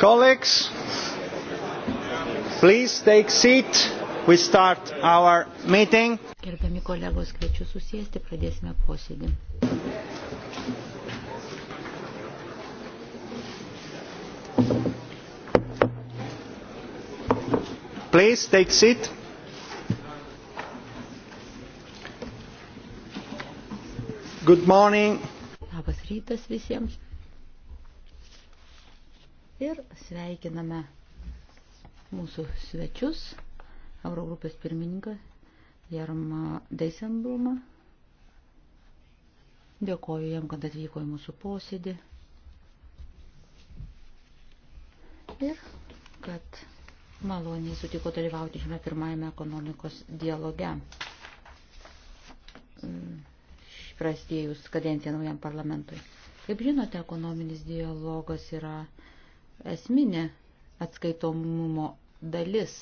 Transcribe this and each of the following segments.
Colleagues, please take seat. We start our meeting. Gerbiami kolegos, kviečiu susėsti, pradėsime posėdį. Please take seat. Good morning. Labas rytas visiems. Sveikiname mūsų svečius, Eurogrupės pirmininką Jarmą Deisenblumą. Dėkoju jam, kad atvyko į mūsų posėdį. Ir kad maloniai sutiko dalyvauti šiame pirmajame ekonomikos dialoge. Prasidėjus kadenciją naujam parlamentui. Kaip žinote, ekonominis dialogas yra esminė atskaitomumo dalis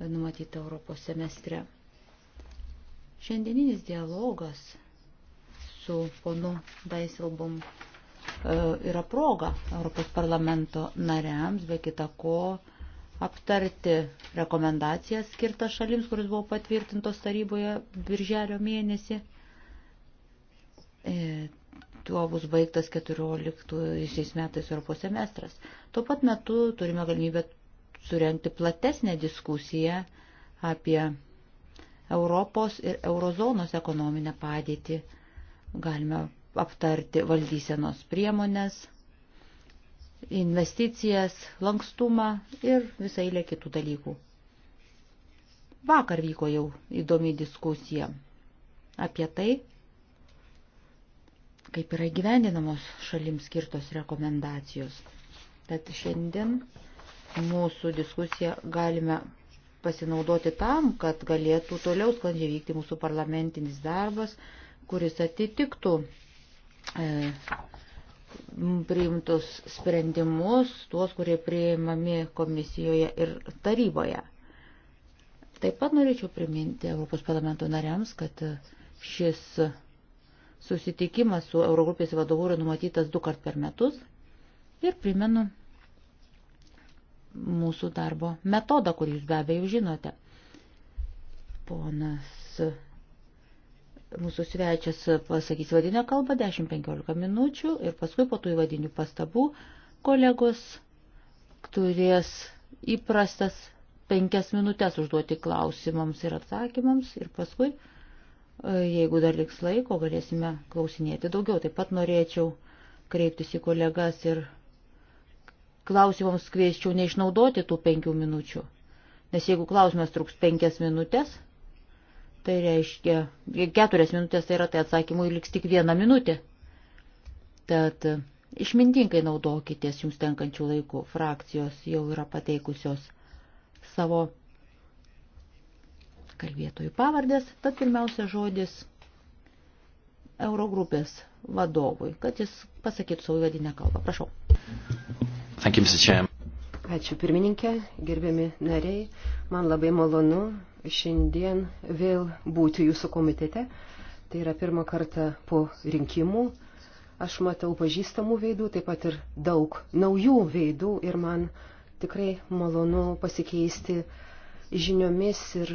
numatyta Europos semestre. Šiandieninis dialogas su ponu Daisilbom e, yra proga Europos parlamento nariams, be kita ko, aptarti rekomendacijas skirtas šalims, kuris buvo patvirtintos taryboje birželio mėnesį. E, tuo bus baigtas 14 metais Europos semestras. Tuo pat metu turime galimybę surenkti platesnę diskusiją apie Europos ir eurozonos ekonominę padėtį. Galime aptarti valdysenos priemonės, investicijas, lankstumą ir visai lė kitų dalykų. Vakar vyko jau įdomi diskusija apie tai, kaip yra įgyvendinamos šalims skirtos rekomendacijos. Tad šiandien mūsų diskusiją galime pasinaudoti tam, kad galėtų toliau sklandžiai vykti mūsų parlamentinis darbas, kuris atitiktų e, priimtus sprendimus, tuos, kurie priimami komisijoje ir taryboje. Taip pat norėčiau priminti Europos parlamento nariams, kad šis Susitikimas su Eurogrupės vadovu yra numatytas du kart per metus. Ir primenu mūsų darbo metodą, kurį jūs be abejo žinote. Ponas mūsų svečias pasakys vadinę kalbą 10-15 minučių ir paskui po tų įvadinių pastabų kolegos turės įprastas penkias minutės užduoti klausimams ir atsakymams ir paskui E, jeigu dar liks laiko, galėsime klausinėti daugiau. Taip pat norėčiau kreiptis į kolegas ir klausimams kvieščiau neišnaudoti tų penkių minučių. Nes jeigu klausimas truks penkias minutės, tai reiškia, keturias minutės tai yra, tai atsakymui liks tik viena minutė. Tad e, išmintingai naudokitės jums tenkančių laikų. Frakcijos jau yra pateikusios savo kalbėtojų pavardės, tad pirmiausia žodis Eurogrupės vadovui, kad jis pasakytų savo vadinę kalbą. Prašau. Thank you, Mr. Chairman. Ačiū pirmininkė, gerbiami nariai. Man labai malonu šiandien vėl būti jūsų komitete. Tai yra pirmą kartą po rinkimų. Aš matau pažįstamų veidų, taip pat ir daug naujų veidų ir man tikrai malonu pasikeisti žiniomis ir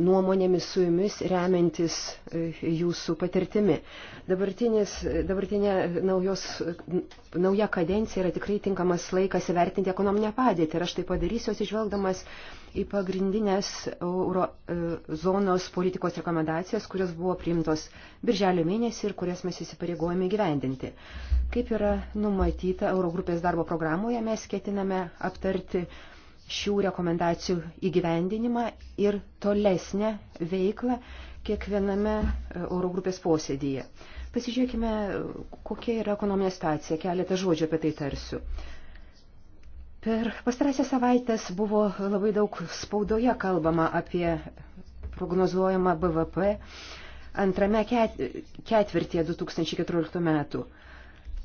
nuomonėmis su jumis remiantis e, jūsų patirtimi. Dabartinė naujos, nauja kadencija yra tikrai tinkamas laikas įvertinti ekonominę padėtį ir aš tai padarysiu atsižvelgdamas į pagrindinės eurozonos e, politikos rekomendacijas, kurios buvo priimtos birželio mėnesį ir kurias mes įsipareigojame gyvendinti. Kaip yra numatyta Eurogrupės darbo programoje, mes ketiname aptarti šių rekomendacijų įgyvendinimą ir tolesnę veiklą kiekviename Eurogrupės posėdyje. Pasižiūrėkime, kokia yra ekonominė situacija, keletą žodžių apie tai tarsiu. Per pastarąsią savaitęs buvo labai daug spaudoje kalbama apie prognozuojamą BVP antrame ketvirtyje 2014 metų.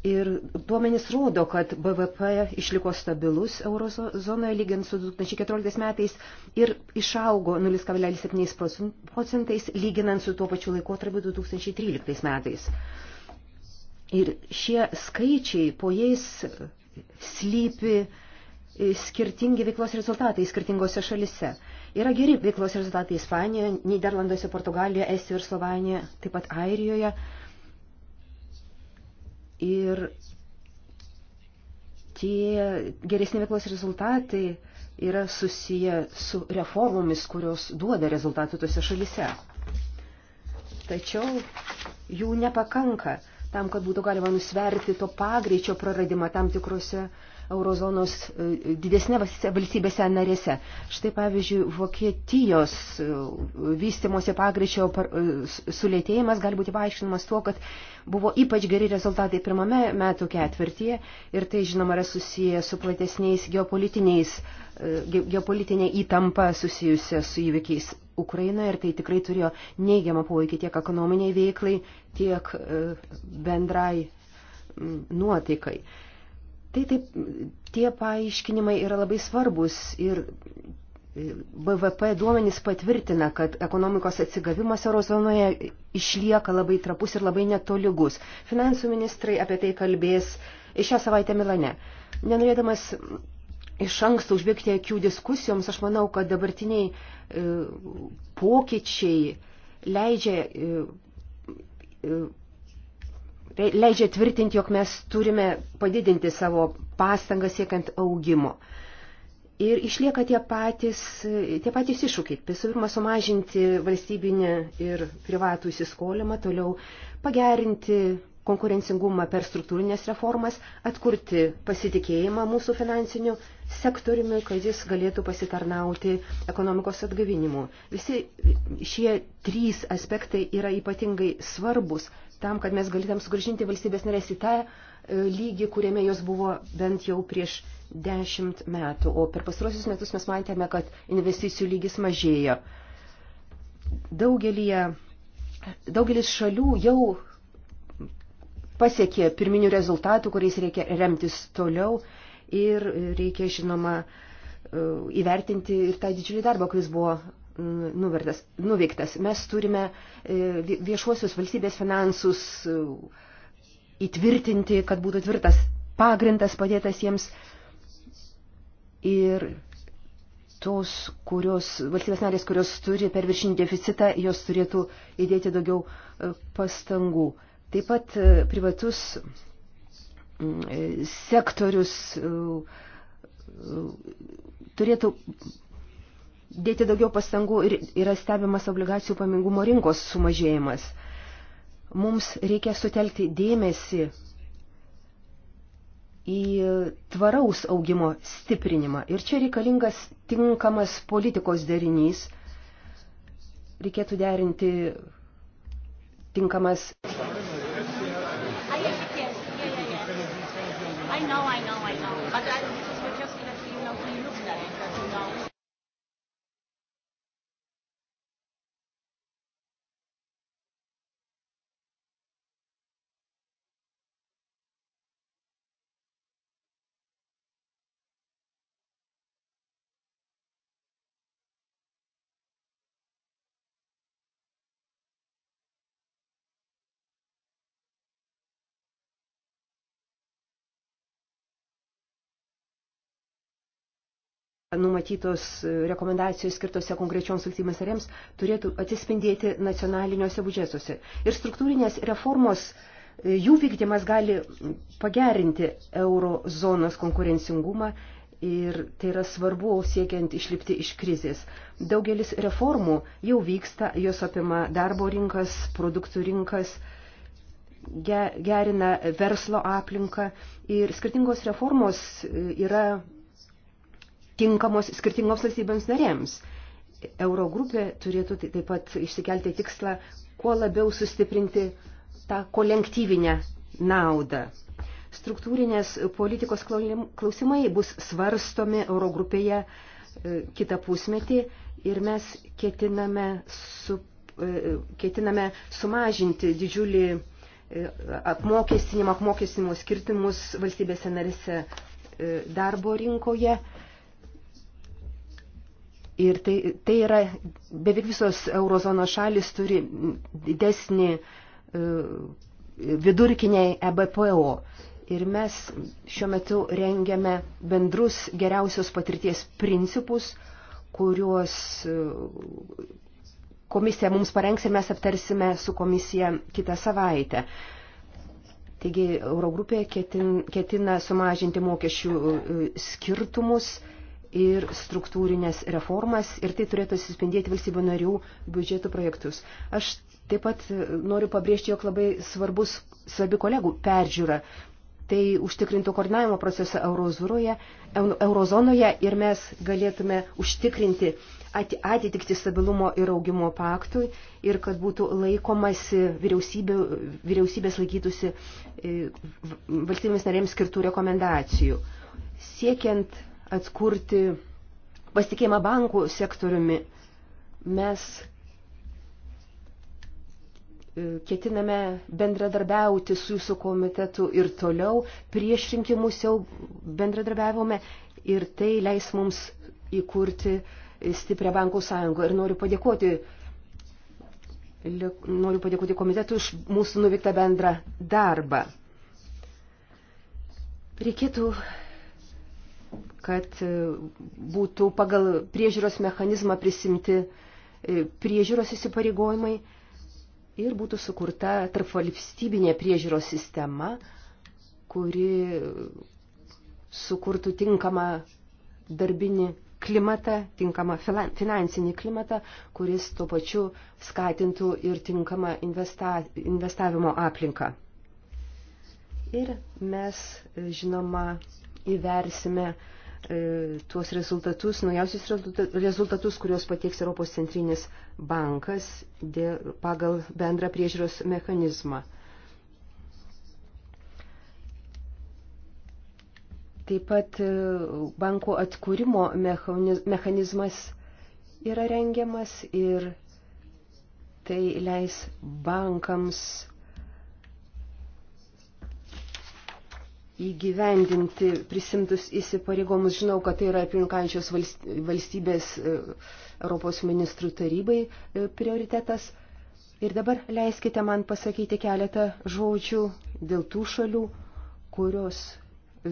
Ir duomenys rodo, kad BVP išliko stabilus eurozonoje lygiant su 2014 metais ir išaugo 0,7 procentais lyginant su tuo pačiu laikotarpiu 2013 metais. Ir šie skaičiai, po jais slypi e, skirtingi veiklos rezultatai skirtingose šalise. Yra geri veiklos rezultatai Ispanijoje, Niderlanduose, Portugalijoje, Estijoje ir Slovenijoje, taip pat Airijoje Ir tie geresni veiklos rezultatai yra susiję su reformomis, kurios duoda rezultatų tose šalise. Tačiau jų nepakanka tam, kad būtų galima nusverti to pagreičio praradimą tam tikrose uh, eurozonos e, didesnėse valstybėse narėse. Štai pavyzdžiui, Vokietijos e, vystimosi pagreičio e, sulėtėjimas gali būti paaiškinamas tuo, kad buvo ypač geri rezultatai pirmame metų ketvirtyje ir tai, žinoma, yra susiję su platesniais geopolitiniais, geopolitinė įtampa susijusia su įvykiais Ukraina ir tai tikrai turėjo neigiamą poveikį tiek ekonominiai veiklai, tiek bendrai nuotaikai. Tai taip, tie paaiškinimai yra labai svarbus ir e, BVP duomenys patvirtina, kad ekonomikos atsigavimas eurozonoje išlieka labai trapus ir labai netolygus. Finansų ministrai apie tai kalbės šią savaitę Milane. Nenorėdamas iš anksto užbėgti akių diskusijoms, aš manau, kad dabartiniai e, pokyčiai leidžia e, Tai leidžia tvirtinti, jog mes turime padidinti savo pastangą siekiant augimo. Ir išlieka tie patys, tie patys iššūkiai. Visų pirma, sumažinti valstybinę ir privatų įsiskolimą, toliau pagerinti konkurencingumą per struktūrinės reformas, atkurti pasitikėjimą mūsų finansiniu sektoriumi, kad jis galėtų pasitarnauti ekonomikos atgavinimu. Visi šie trys aspektai yra ypatingai svarbus tam, kad mes galėtum sugražinti valstybės narės į tą e, lygį, kuriame jos buvo bent jau prieš dešimt metų. O per pastarosius metus mes matėme, kad investicijų lygis mažėjo. Daugelį, daugelis šalių jau pasiekė pirminių rezultatų, kuriais reikia remtis toliau ir reikia, žinoma, e, įvertinti ir tą didžiulį darbą, kuris buvo nuvertas, nuveiktas. Mes turime e, viešuosius valstybės finansus e, įtvirtinti, kad būtų tvirtas pagrindas padėtas jiems. Ir tos, kurios, valstybės narės, kurios turi perviršinį deficitą, jos turėtų įdėti daugiau pastangų. Taip pat e, privatus e, sektorius e, turėtų dėti daugiau pastangų ir yra stebimas obligacijų pamingumo rinkos sumažėjimas. Mums reikia sutelkti dėmesį į tvaraus augimo stiprinimą. Ir čia reikalingas tinkamas politikos derinys. Reikėtų derinti tinkamas numatytos rekomendacijos skirtose konkrečioms valstybės narėms turėtų atsispindėti nacionaliniuose budžetuose. Ir struktūrinės reformos e, jų vykdymas gali pagerinti euro zonos konkurencingumą ir tai yra svarbu siekiant išlipti iš krizės. Daugelis reformų jau vyksta, jos apima darbo rinkas, produktų rinkas, gerina verslo aplinką ir skirtingos reformos e, yra tinkamos skirtingoms valstybėms narėms. Eurogrupė turėtų tai taip pat išsikelti tikslą, kuo labiau sustiprinti tą kolektyvinę naudą. Struktūrinės politikos klausimai bus svarstomi Eurogrupėje e, kitą pusmetį ir mes ketiname, su, e, ketiname sumažinti didžiulį e, apmokestinimo, apmokestinimo skirtimus valstybėse narise darbo rinkoje Ir tai, tai yra, beveik visos eurozonos šalis turi didesnį e, vidurkiniai EBPO. Ir mes šiuo metu rengiame bendrus geriausios patirties principus, kuriuos e, komisija mums parengs ir mes aptarsime su komisija kitą savaitę. Taigi Eurogrupė ketin, ketina sumažinti mokesčių e, skirtumus ir struktūrinės reformas ir tai turėtų atsispindėti valstybių narių biudžetų projektus. Aš taip pat noriu pabrėžti, jog labai svarbus, svarbi kolegų peržiūra. Tai užtikrintų koordinavimo procesą eurozonoje ir mes galėtume užtikrinti atitikti stabilumo ir augimo paktui ir kad būtų laikomasi vyriausybė, vyriausybės laikytųsi e, valstybės narėms skirtų rekomendacijų. Siekiant atkurti pasitikėjimą bankų sektoriumi. Mes e, ketiname bendradarbiauti su jūsų komitetu ir toliau. Prieš rinkimus jau bendradarbiavome ir tai leis mums įkurti stiprią bankų sąjungą. Ir noriu padėkoti, noriu padėkoti komitetui už mūsų nuveiktą bendrą darbą. Reikėtų kad e, būtų pagal priežiūros mechanizmą prisimti e, priežiūros įsipareigojimai ir būtų sukurta tarpvalstybinė priežiūros sistema, kuri sukurtų tinkamą darbinį klimatą, tinkamą finansinį klimatą, kuris tuo pačiu skatintų ir tinkamą investa, investavimo aplinką. Ir mes, žinoma, įversime e, tuos rezultatus, naujausius rezultatus, kuriuos pateiks Europos centrinis bankas dėl, pagal bendrą priežiūros mechanizmą. Taip pat e, banko atkūrimo mechanizmas yra rengiamas ir tai leis bankams įgyvendinti prisimtus įsipareigomus. Žinau, kad tai yra aplinkančios valstybės e, Europos ministrų tarybai e, prioritetas. Ir dabar leiskite man pasakyti keletą žodžių dėl tų šalių, kurios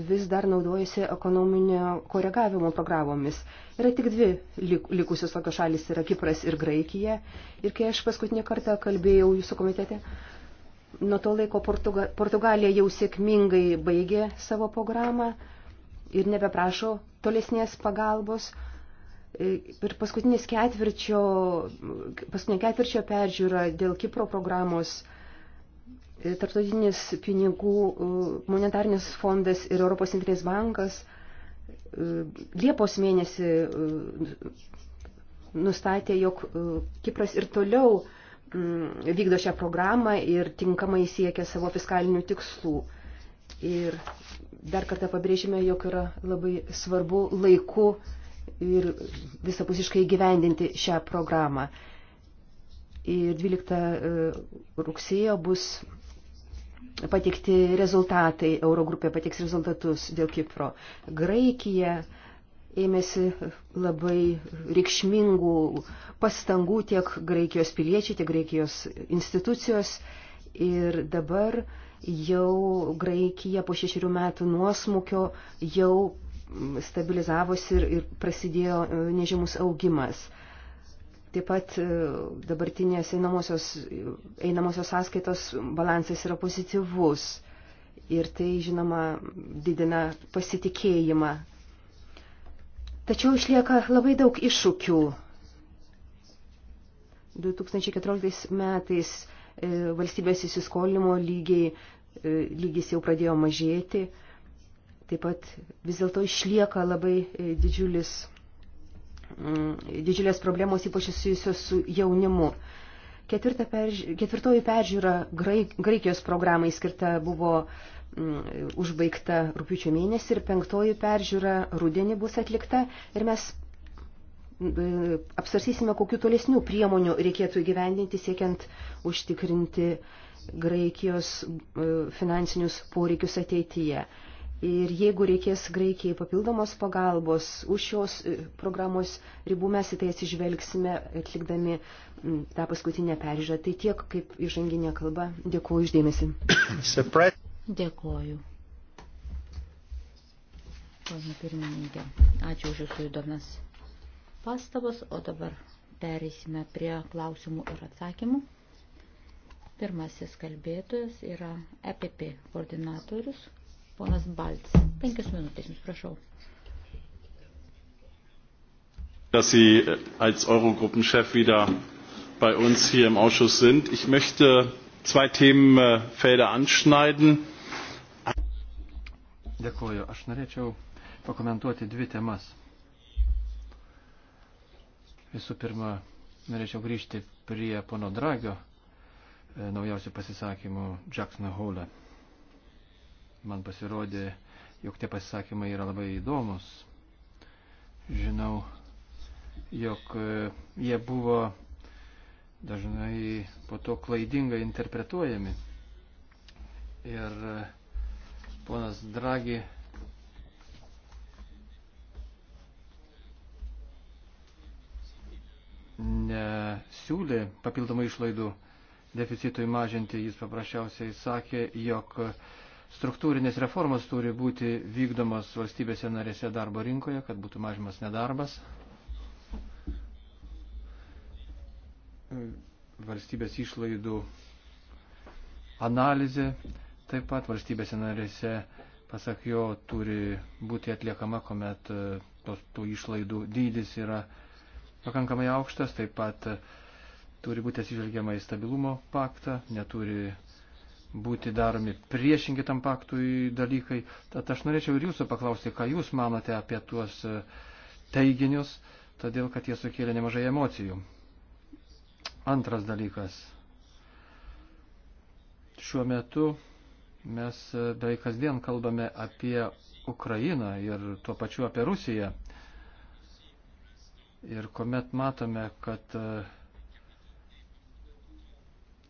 vis dar naudojasi ekonominio koregavimo programomis. Yra tik dvi likusios tokios šalis - yra Kipras ir Graikija. Ir kai aš paskutinį kartą kalbėjau jūsų komitete, Nuo to laiko Portuga, Portugalija jau sėkmingai baigė savo programą ir nebeprašo tolesnės pagalbos. E, per paskutinės ketvirčio, paskutinė ketvirčio peržiūra dėl Kipro programos e, Tartutinis pinigų e, monetarnis fondas ir Europos centrinis bankas Liepos mėnesį nustatė, jog Kipras ir toliau Mm, vykdo šią programą ir tinkamai siekia savo fiskalinių tikslų. Ir dar kartą pabrėžime, jog yra labai svarbu laiku ir visapusiškai gyvendinti šią programą. Ir 12 e, rugsėjo bus pateikti rezultatai, Eurogrupė pateiks rezultatus dėl Kipro. Graikija ėmėsi labai reikšmingų pastangų tiek Graikijos piliečiai, tiek Graikijos institucijos. Ir dabar jau Graikija po šešių metų nuosmukio jau stabilizavosi ir, ir prasidėjo e, nežymus augimas. Taip pat e, dabartinės einamosios, einamosios sąskaitos balansas yra pozityvus ir tai, žinoma, didina pasitikėjimą Tačiau išlieka labai daug iššūkių. 2014 metais e, valstybės įsiskolinimo lygiai, e, lygis jau pradėjo mažėti. Taip pat vis dėlto išlieka labai e, didžiulis, mm, didžiulės problemos, ypač susijusios su jaunimu. Ketvirta perž... Ketvirtoji peržiūra Graikijos programai skirta buvo Mm, užbaigta rūpiučio mėnesį ir penktoji peržiūra rudenį bus atlikta ir mes mm, apsarsysime, kokiu tolesnių priemonių reikėtų įgyvendinti siekiant užtikrinti Graikijos mm, finansinius poreikius ateityje. Ir jeigu reikės Graikijai papildomos pagalbos už šios e, programos ribų, mes į tai atsižvelgsime atlikdami tą paskutinę peržiūrą. Tai tiek kaip įžanginė kalba. Dėkuoju uždėmesi. Dėkoju. Pana pirmininkė, ačiū už jūsų įdomias pastabas, o dabar pereisime prie klausimų ir atsakymų. Pirmasis kalbėtojas yra EPP koordinatorius, ponas Balts. Penkias minutės, jums prašau. Dass Sie als Eurogruppenchef wieder bei uns hier im Ausschuss sind. Ich möchte zwei Themenfelder anschneiden Dėkuoju. Aš norėčiau pakomentuoti dvi temas. Visų pirma, norėčiau grįžti prie pono Dragio e, naujausių pasisakymų Jacksono Hole. Man pasirodė, jog tie pasisakymai yra labai įdomus. Žinau, jog e, jie buvo dažnai po to klaidingai interpretuojami. Ir e, Ponas Dragi nesiūlė papildomų išlaidų deficitui mažinti, jis paprasčiausiai sakė, jog struktūrinės reformos turi būti vykdomos valstybėse narėse darbo rinkoje, kad būtų mažimas nedarbas. Valstybės išlaidų analizė taip pat valstybėse narėse, pasak jo, turi būti atliekama, kuomet e, tos, tų išlaidų dydis yra pakankamai aukštas, taip pat e, turi būti atsižvelgiama į stabilumo paktą, neturi būti daromi priešingi tam paktui dalykai. Tad aš norėčiau ir jūsų paklausti, ką jūs manote apie tuos e, teiginius, todėl kad jie sukėlė nemažai emocijų. Antras dalykas. Šiuo metu Mes e, beveik kasdien kalbame apie Ukrainą ir tuo pačiu apie Rusiją. Ir kuomet matome, kad e,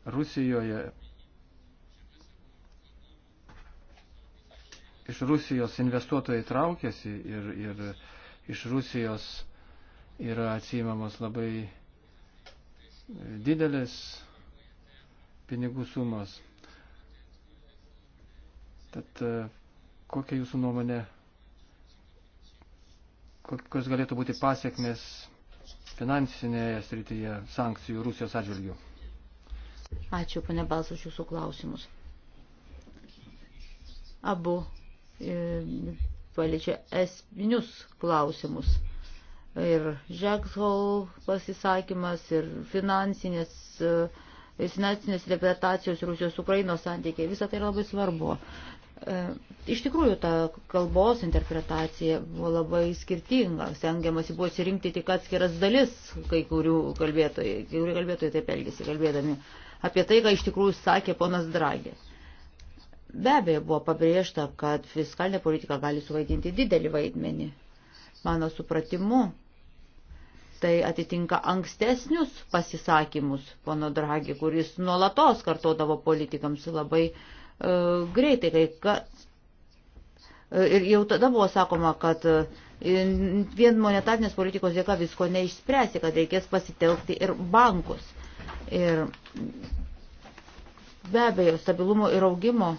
Rusijoje iš Rusijos investuotojai traukiasi ir, ir iš Rusijos yra atsijimamos labai didelės pinigų sumos. Tad e, kokia jūsų nuomonė, kokios galėtų būti pasiekmes finansinėje srityje sankcijų Rusijos atžvilgių? Ačiū, pane Bals, už jūsų klausimus. Abu e, paliečia esminius klausimus ir Žekshol pasisakymas, ir finansinės, e, finansinės interpretacijos Rusijos Ukrainos santykiai. Visą tai yra labai svarbu. E, iš tikrųjų, ta kalbos interpretacija buvo labai skirtinga. Stengiamasi buvo surinkti tik atskiras dalis kai kurių kalbėtojų. Kai kurių kalbėtojų taip elgėsi, kalbėdami apie tai, ką iš tikrųjų sakė ponas Dragė. Be abejo, buvo pabrėžta, kad fiskalinė politika gali suvaidinti didelį vaidmenį. Mano supratimu, tai atitinka ankstesnius pasisakymus pono Dragi, kuris nuolatos kartodavo politikams labai uh, E, greitai, kai kas. E, ir jau tada buvo sakoma, kad e, vien monetarnės politikos dėka visko neišspręsi, kad reikės pasitelkti ir bankus. Ir be abejo, stabilumo ir augimo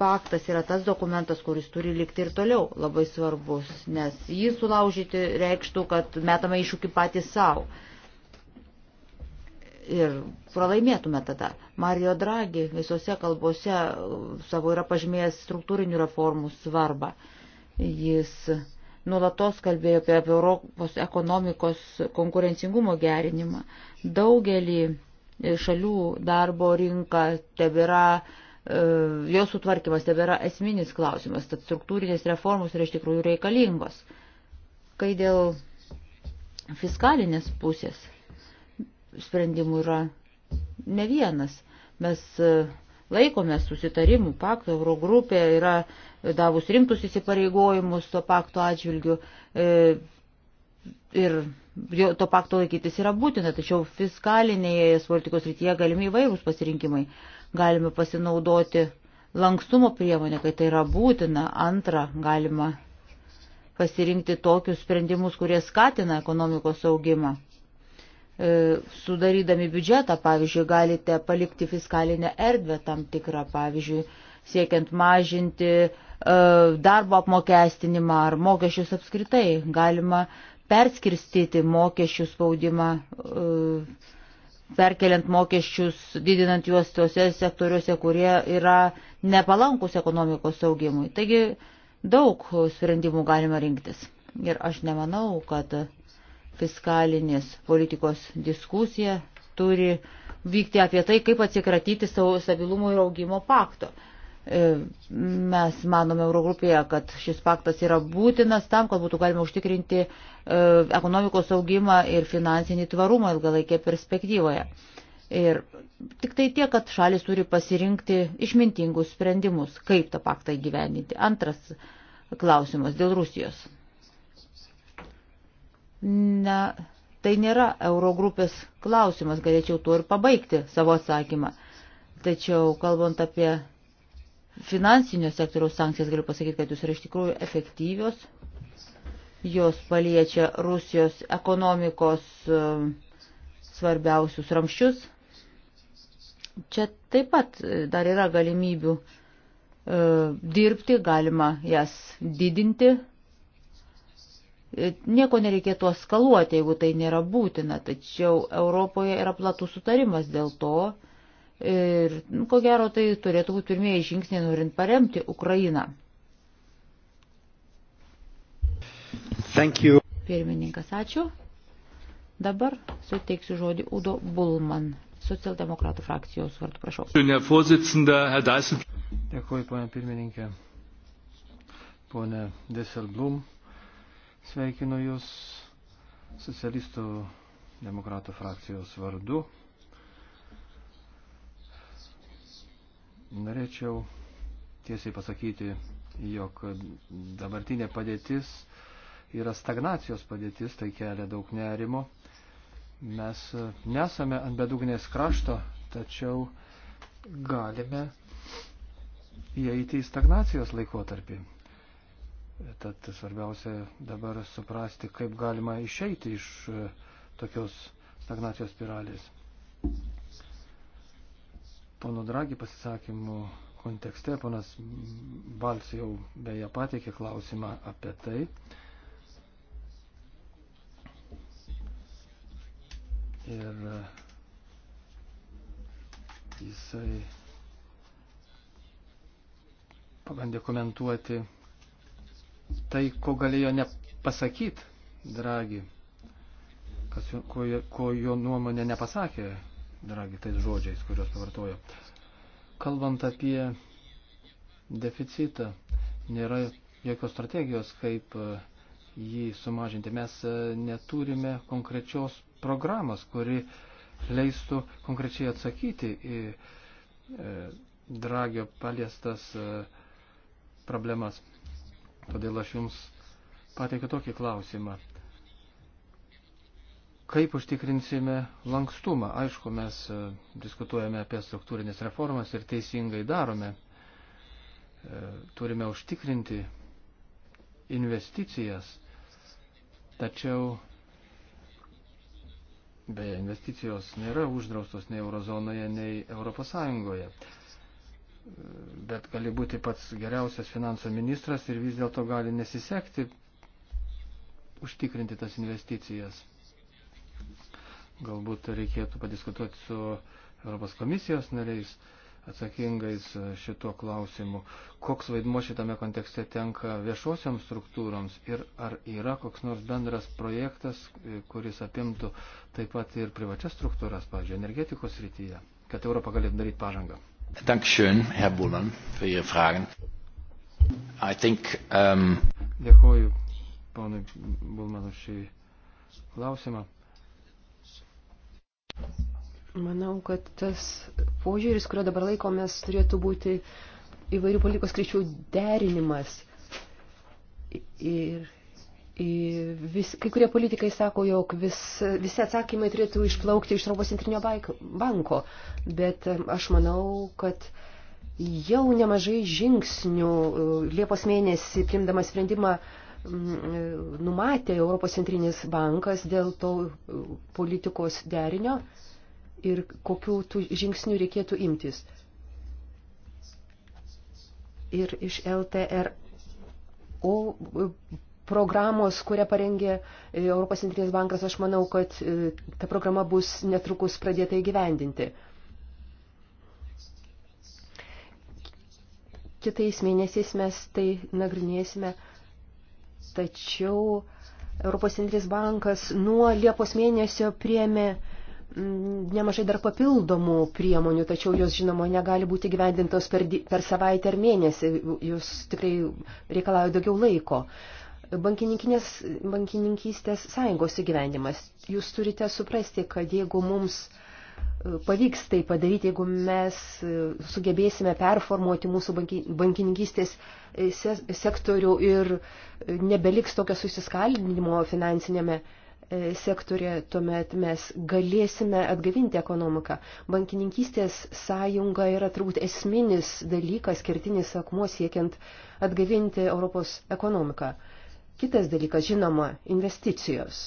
paktas yra tas dokumentas, kuris turi likti ir toliau labai svarbus, nes jį sulaužyti reikštų, kad metame iššūkį patys savo ir pralaimėtume tada. Mario Draghi visose kalbose uh, savo yra pažymėjęs struktūrinių reformų svarbą. Jis nulatos kalbėjo apie Europos ekonomikos konkurencingumo gerinimą. Daugelį e, šalių darbo rinka tebėra, e, jo sutvarkymas tebėra esminis klausimas, tad struktūrinės reformos yra iš tikrųjų reikalingos. Kai dėl fiskalinės pusės sprendimų yra ne vienas. Mes e, laikomės susitarimų, pakto euro grupė yra davus rimtus įsipareigojimus to pakto atžvilgiu e, ir to pakto laikytis yra būtina, tačiau fiskalinėje politikos rytyje galimi įvairūs pasirinkimai. Galime pasinaudoti lankstumo priemonę, kai tai yra būtina. Antra, galima pasirinkti tokius sprendimus, kurie skatina ekonomikos augimą E, sudarydami biudžetą, pavyzdžiui, galite palikti fiskalinę erdvę tam tikrą, pavyzdžiui, siekiant mažinti e, darbo apmokestinimą ar mokesčius apskritai. Galima perskirstyti mokesčių spaudimą, e, perkeliant mokesčius, didinant juos tuose sektoriuose, kurie yra nepalankus ekonomikos augimui. Taigi daug sprendimų galima rinktis. Ir aš nemanau, kad fiskalinės politikos diskusija turi vykti apie tai, kaip atsikratyti savo stabilumo ir augimo pakto. E, mes manome Eurogrupėje, kad šis paktas yra būtinas tam, kad būtų galima užtikrinti e, ekonomikos augimą ir finansinį tvarumą ilgalaikėje perspektyvoje. Ir tik tai tiek, kad šalis turi pasirinkti išmintingus sprendimus, kaip tą paktą įgyvendinti. Antras klausimas dėl Rusijos ne, tai nėra Eurogrupės klausimas, galėčiau tuo ir pabaigti savo atsakymą. Tačiau, kalbant apie finansinio sektoriaus sankcijas, galiu pasakyti, kad jūs yra iš tikrųjų efektyvios. Jos paliečia Rusijos ekonomikos e, svarbiausius ramščius. Čia taip pat e, dar yra galimybių e, dirbti, galima jas didinti, E, nieko nereikėtų eskaluoti, jeigu tai nėra būtina, tačiau Europoje yra platų sutarimas dėl to ir, nu, ko gero, tai turėtų būti pirmieji žingsniai norint paremti Ukrainą. Pirmininkas, ačiū. Dabar suteiksiu žodį Udo Bulman, socialdemokratų frakcijos vardu, prašau. Dėkuoju, ponia pirmininkė. Pone Deselblum, Sveikinu Jūs socialistų demokratų frakcijos vardu. Norėčiau tiesiai pasakyti, jog dabartinė padėtis yra stagnacijos padėtis, tai kelia daug nerimo. Mes nesame ant bedugnės krašto, tačiau galime įeiti į stagnacijos laikotarpį. Tad svarbiausia dabar suprasti, kaip galima išeiti iš e, tokios stagnacijos spiralės. Pono Dragi pasisakymų kontekste, ponas Bals jau beje pateikė klausimą apie tai. Ir e, jisai pabandė komentuoti tai, ko galėjo nepasakyti Dragi, kas, ko, ko jo nuomonė nepasakė Dragi tais žodžiais, kuriuos pavartojo. Kalbant apie deficitą, nėra jokios strategijos, kaip e, jį sumažinti. Mes e, neturime konkrečios programos, kuri leistų konkrečiai atsakyti į e, Dragio paliestas problemas. Todėl aš Jums pateikiu tokį klausimą. Kaip užtikrinsime lankstumą? Aišku, mes e, diskutuojame apie struktūrinės reformas ir teisingai darome. E, turime užtikrinti investicijas, tačiau beje, investicijos nėra uždraustos nei eurozonoje, nei Europos Sąjungoje bet gali būti pats geriausias finansų ministras ir vis dėlto gali nesisekti užtikrinti tas investicijas. Galbūt reikėtų padiskutuoti su Europos komisijos nariais atsakingais šituo klausimu. Koks vaidmo šitame kontekste tenka viešosiams struktūroms ir ar yra koks nors bendras projektas, kuris apimtų taip pat ir privačias struktūras, pavyzdžiui, energetikos rytyje, kad Europą galėtų daryti pažangą? Dankšön, Herr Bulman, für Ihre Fragen. I think, um... Dėkuoju ponui Bulmanu šį klausimą. Manau, kad tas požiūris, kurio dabar laikomės, turėtų būti įvairių politikos kryčių derinimas. Ir Vis, kai kurie politikai sako, jog vis, visi atsakymai turėtų išplaukti iš Europos centrinio banko, bet aš manau, kad jau nemažai žingsnių e, Liepos mėnesį primdamas sprendimą e, numatė Europos centrinis bankas dėl to e, politikos derinio ir kokių tų žingsnių reikėtų imtis. Ir iš LTRO programos, kurią parengė e, Europos centrinis bankas, aš manau, kad e, ta programa bus netrukus pradėta įgyvendinti. Kitais mėnesiais mes tai nagrinėsime, tačiau Europos centrinis bankas nuo Liepos mėnesio priemė nemažai dar papildomų priemonių, tačiau jos, žinoma, negali būti gyvendintos per, per savaitę ar mėnesį, jūs tikrai reikalauja daugiau laiko bankininkystės sąjungos įgyvendimas. Jūs turite suprasti, kad jeigu mums e, pavyks tai padaryti, jeigu mes e, sugebėsime performuoti mūsų bankininkystės e, sektorių ir nebeliks tokio susiskaldinimo finansinėme sektorė, tuomet mes galėsime atgavinti ekonomiką. Bankininkystės sąjunga yra turbūt esminis dalykas, kertinis akmuo siekiant atgavinti Europos ekonomiką. Kitas dalykas, žinoma, investicijos.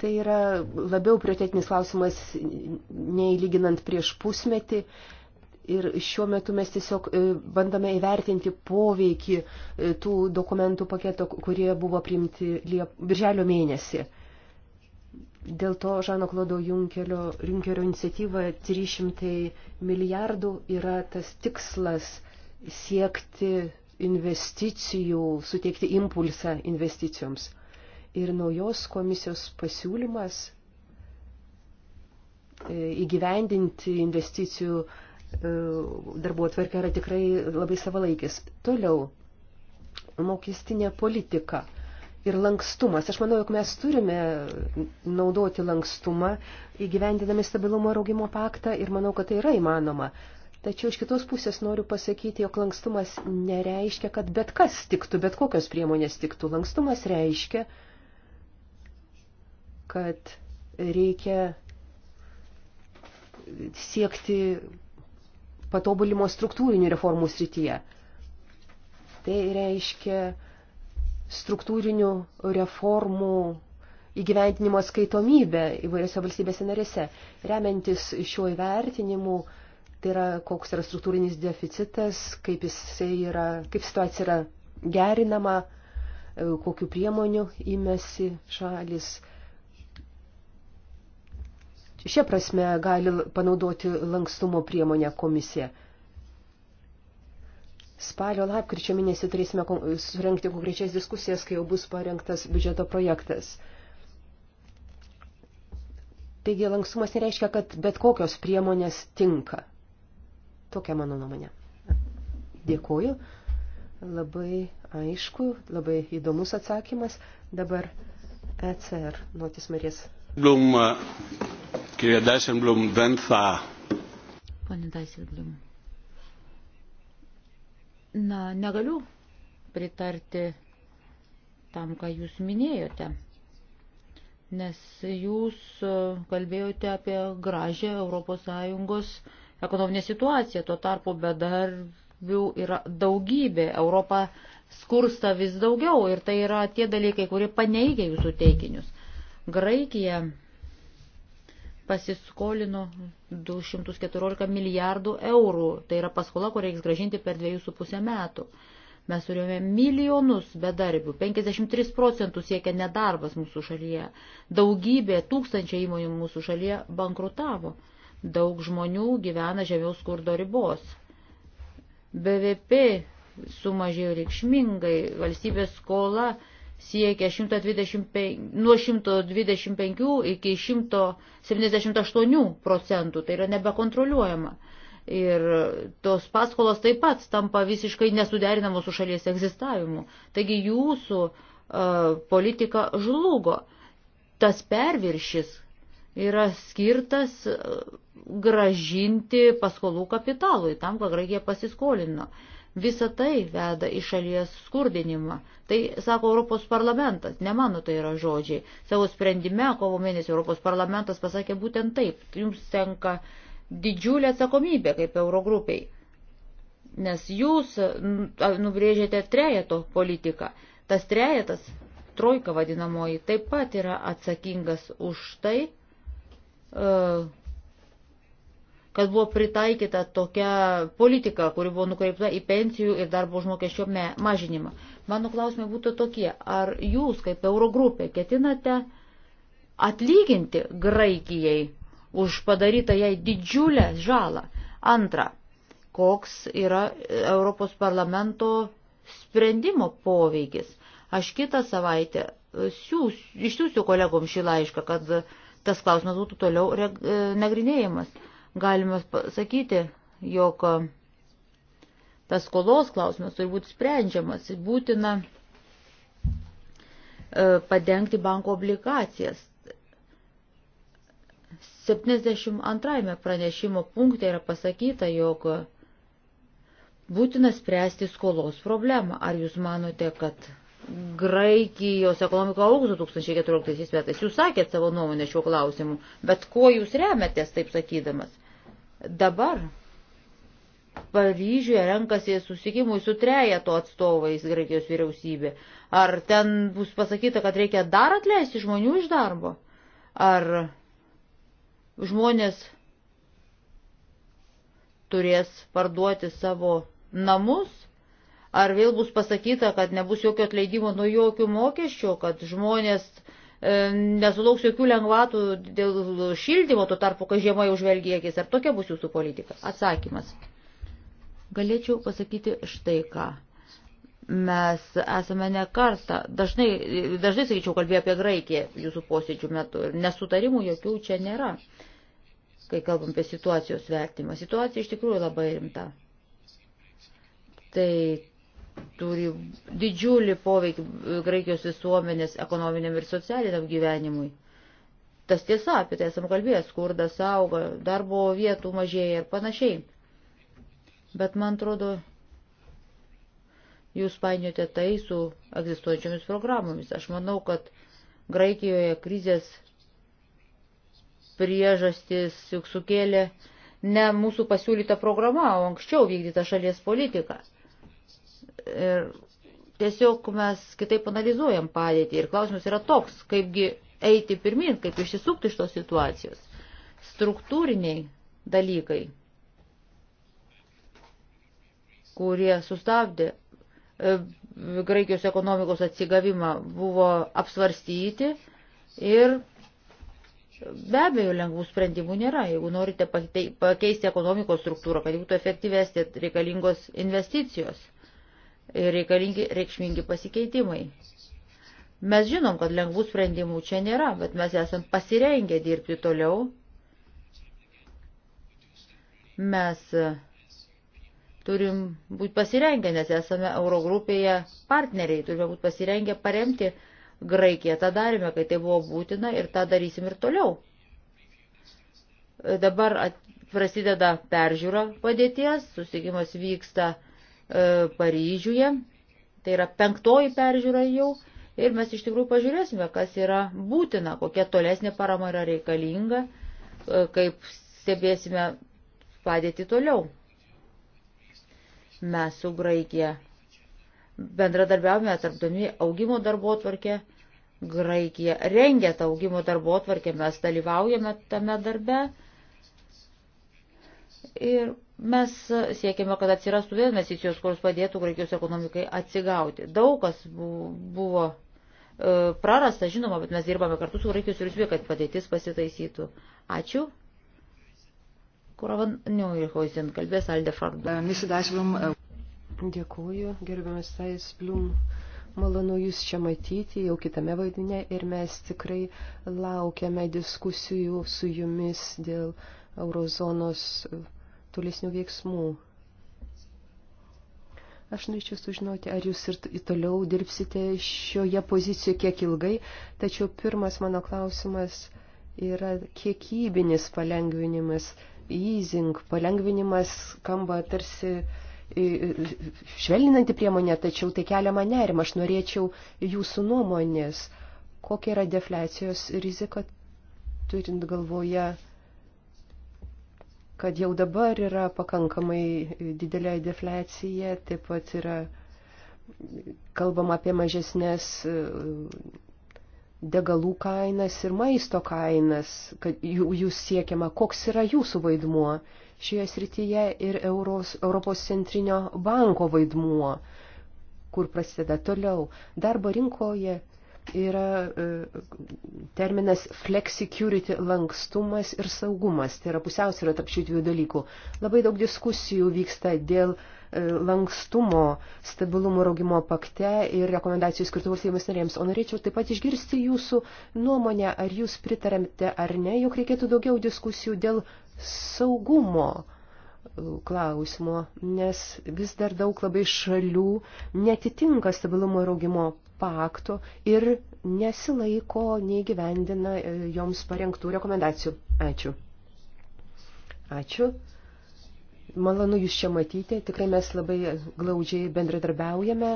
Tai yra labiau prioritetinis klausimas nei lyginant prieš pusmetį. Ir šiuo metu mes tiesiog e, bandome įvertinti poveikį e, tų dokumentų paketo, kurie buvo priimti liep... birželio mėnesį. Dėl to Žano Klodo Junkerio, Junkerio iniciatyva 300 milijardų yra tas tikslas siekti investicijų, suteikti impulsą investicijoms. Ir naujos komisijos pasiūlymas e, įgyvendinti investicijų e, darbo atverkę yra tikrai labai savalaikis. Toliau, mokestinė politika ir lankstumas. Aš manau, jog mes turime naudoti lankstumą įgyvendinami stabilumo ir augimo paktą ir manau, kad tai yra įmanoma. Tačiau iš kitos pusės noriu pasakyti, jog lankstumas nereiškia, kad bet kas tiktų, bet kokios priemonės tiktų. Lankstumas reiškia, kad reikia siekti patobulimo struktūrinių reformų srityje. Tai reiškia struktūrinių reformų įgyventinimo skaitomybę įvairiose valstybėse narėse. Remiantis šiuo įvertinimu, Tai yra, koks yra struktūrinis deficitas, kaip, yra, kaip situacija yra gerinama, e, kokiu priemoniu įmesi šalis. Šia prasme gali panaudoti lankstumo priemonę komisija. Spalio lapkričio mėnesį turėsime surenkti konkrečias diskusijas, kai jau bus parengtas biudžeto projektas. Taigi lankstumas nereiškia, kad bet kokios priemonės tinka. Tokia mano nuomonė. Dėkuoju. Labai aišku, labai įdomus atsakymas. Dabar ECR, Notis Marijas. Blum, uh, kirė Dasenblum, Ventha. Pane Dasenblum. Na, negaliu pritarti tam, ką jūs minėjote. Nes jūs uh, kalbėjote apie gražią Europos Sąjungos uh, ekonominė situacija. Tuo tarpu bedarbių yra daugybė. Europa skursta vis daugiau ir tai yra tie dalykai, kurie paneigia jūsų teikinius. Graikija pasiskolino 214 milijardų eurų. Tai yra paskola, kurią reiks gražinti per 2,5 metų. Mes turėjome milijonus bedarbių, 53 procentų siekia nedarbas mūsų šalyje, daugybė tūkstančiai įmonių mūsų šalyje bankrutavo. Daug žmonių gyvena žemiau skurdo ribos. BVP sumažėjo reikšmingai, valstybės skola siekia 125, nuo 125 iki 178 procentų, tai yra nebekontroliuojama. Ir tos paskolos taip pat tampa visiškai nesuderinamos su šalies egzistavimu. Taigi jūsų uh, politika žlugo. Tas perviršis, yra skirtas e, gražinti paskolų kapitalui, tam, kad Graikija pasiskolino. Visa tai veda į šalies skurdinimą. Tai sako Europos parlamentas, ne mano tai yra žodžiai. Savo sprendime kovo mėnesį Europos parlamentas pasakė būtent taip. Jums tenka didžiulė atsakomybė kaip Eurogrupiai. Nes jūs nubrėžėte trejeto politiką. Tas trejetas, trojka vadinamoji, taip pat yra atsakingas už tai, E, kad buvo pritaikyta tokia politika, kuri buvo nukreipta į pensijų ir darbo užmokesčio mažinimą. Mano klausimai būtų tokie, ar jūs kaip Eurogrupė ketinate atlyginti Graikijai už padarytą jai didžiulę žalą? Antra, koks yra Europos parlamento sprendimo poveikis? Aš kitą savaitę siūs, išsiųsiu kolegom šį laišką, kad uh, tas klausimas būtų toliau reg, e, nagrinėjimas. Galime sakyti, jog e, tas skolos klausimas turi būti sprendžiamas, būtina e, padengti banko obligacijas. 72 pranešimo punkte yra pasakyta, jog būtina spręsti skolos problemą. Ar jūs manote, kad Graikijos ekonomika augs 2014 metais. Jūs sakėt savo nuomonę šiuo klausimu, bet kuo jūs remetės, taip sakydamas? Dabar Paryžiuje renkasi susikimui su trejato atstovais Graikijos vyriausybė. Ar ten bus pasakyta, kad reikia dar atleisti žmonių iš darbo? Ar žmonės turės parduoti savo namus Ar vėl bus pasakyta, kad nebus jokio atleidimo nuo jokių mokesčių, kad žmonės e, nesulauks jokių lengvatų dėl šildymo, tuo tarpu, kai žiemai užvelgėkis. Ar tokia bus jūsų politika? Atsakymas. Galėčiau pasakyti štai ką. Mes esame ne kartą, dažnai, dažnai sakyčiau, kalbėjau apie Graikiją jūsų posėdžių metu ir nesutarimų jokių čia nėra, kai kalbam apie situacijos vertimą. Situacija iš tikrųjų labai rimta. Tai turi didžiulį poveikį e, Graikijos visuomenės ekonominiam ir socialiniam gyvenimui. Tas tiesa, apie tai esam kalbėję, skurdas auga, darbo vietų mažėja ir panašiai. Bet man atrodo, jūs painiote tai su egzistuojančiomis programomis. Aš manau, kad Graikijoje krizės priežastis juk sukėlė ne mūsų pasiūlyta programa, o anksčiau vykdyta šalies politika. Ir tiesiog mes kitaip analizuojam padėtį ir klausimas yra toks, kaipgi eiti pirmin, kaip išsisukti iš tos situacijos. Struktūriniai dalykai, kurie sustabdė e, Graikijos ekonomikos atsigavimą, buvo apsvarstyti ir be abejo lengvų sprendimų nėra. Jeigu norite pakeisti ekonomikos struktūrą, kad būtų efektyvesnė reikalingos investicijos reikalingi reikšmingi pasikeitimai. Mes žinom, kad lengvų sprendimų čia nėra, bet mes esam pasirengę dirbti toliau. Mes e, turim būti pasirengę, nes esame Eurogrupėje partneriai, turime būti pasirengę paremti Graikiją. Ta darėme, kai tai buvo būtina ir tą darysim ir toliau. E, dabar prasideda peržiūra padėties, susitikimas vyksta E, Paryžiuje. Tai yra penktoji peržiūra jau. Ir mes iš tikrųjų pažiūrėsime, kas yra būtina, kokia tolesnė parama yra reikalinga, e, kaip stebėsime padėti toliau. Mes su Graikija bendradarbiavome tarpdami augimo darbo atvarkę. Graikija rengia tą augimo darbo atvarkę, mes dalyvaujame tame darbe. Ir Mes siekime, kad atsirastų vėl investicijos, kurios padėtų Graikijos ekonomikai atsigauti. Daug kas buvo e, prarasta, žinoma, bet mes dirbame kartu su Graikijos vyriausybė, kad padėtis pasitaisytų. Ačiū. Kuravan Neuirhoizen kalbės Alde Fardu. E, e. Dėkuoju, gerbiamas Tais Blum. Malonu Jūs čia matyti, jau kitame vaidinė ir mes tikrai laukiame diskusijų su Jumis dėl eurozonos tolesnių veiksmų. Aš norėčiau sužinoti, ar jūs ir toliau dirbsite šioje pozicijoje kiek ilgai, tačiau pirmas mano klausimas yra kiekybinis palengvinimas, easing palengvinimas skamba tarsi švelninanti priemonė, tačiau tai kelia man nerimą. Aš norėčiau jūsų nuomonės, kokia yra defliacijos rizika, turint galvoje kad jau dabar yra pakankamai didelė deflecija, taip pat yra kalbama apie mažesnės e, degalų kainas ir maisto kainas, kad jūs siekiama, koks yra jūsų vaidmuo šioje srityje ir Euros, Europos centrinio banko vaidmuo, kur prasideda toliau. Darbo rinkoje yra e, terminas flexicurity lankstumas ir saugumas. Tai yra pusiausvėra tarp šių dviejų dalykų. Labai daug diskusijų vyksta dėl e, lankstumo, stabilumo ir augimo pakte ir rekomendacijų skirtų valstybėms narėms. O norėčiau taip pat išgirsti jūsų nuomonę, ar jūs pritarėte ar ne, juk reikėtų daugiau diskusijų dėl saugumo e, klausimo, nes vis dar daug labai šalių netitinka stabilumo ir augimo pakto ir nesilaiko, neįgyvendina e, joms parengtų rekomendacijų. Ačiū. Ačiū. Malonu Jūs čia matyti. Tikrai mes labai glaudžiai bendradarbiaujame.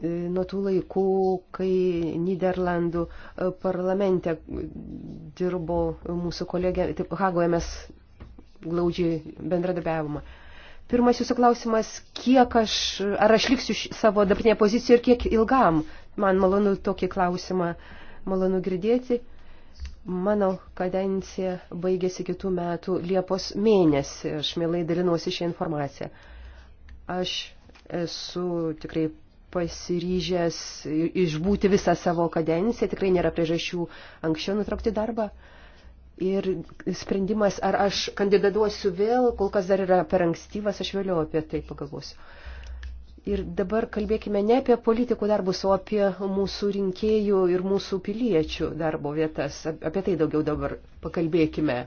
E, nuo tų laikų, kai Niderlandų e, parlamente dirbo mūsų kolegė, taip Hagoje mes glaudžiai bendradarbiavome. Pirmas jūsų klausimas, kiek aš, ar aš liksiu savo dabartinėje pozicijoje ir kiek ilgam. Man malonu tokį klausimą, malonu girdėti. Mano kadencija baigėsi kitų metų Liepos mėnesį. Aš mielai dalinuosi šią informaciją. Aš esu tikrai pasiryžęs išbūti visą savo kadenciją. Tikrai nėra priežasčių anksčiau nutraukti darbą. Uh, Ir sprendimas, ar aš kandidatuosiu vėl, kol kas dar yra per ankstyvas, aš vėliau apie tai pagalvosiu. Ir dabar kalbėkime ne apie politikų darbus, o apie mūsų rinkėjų ir mūsų piliečių darbo vietas. Apie tai daugiau dabar pakalbėkime.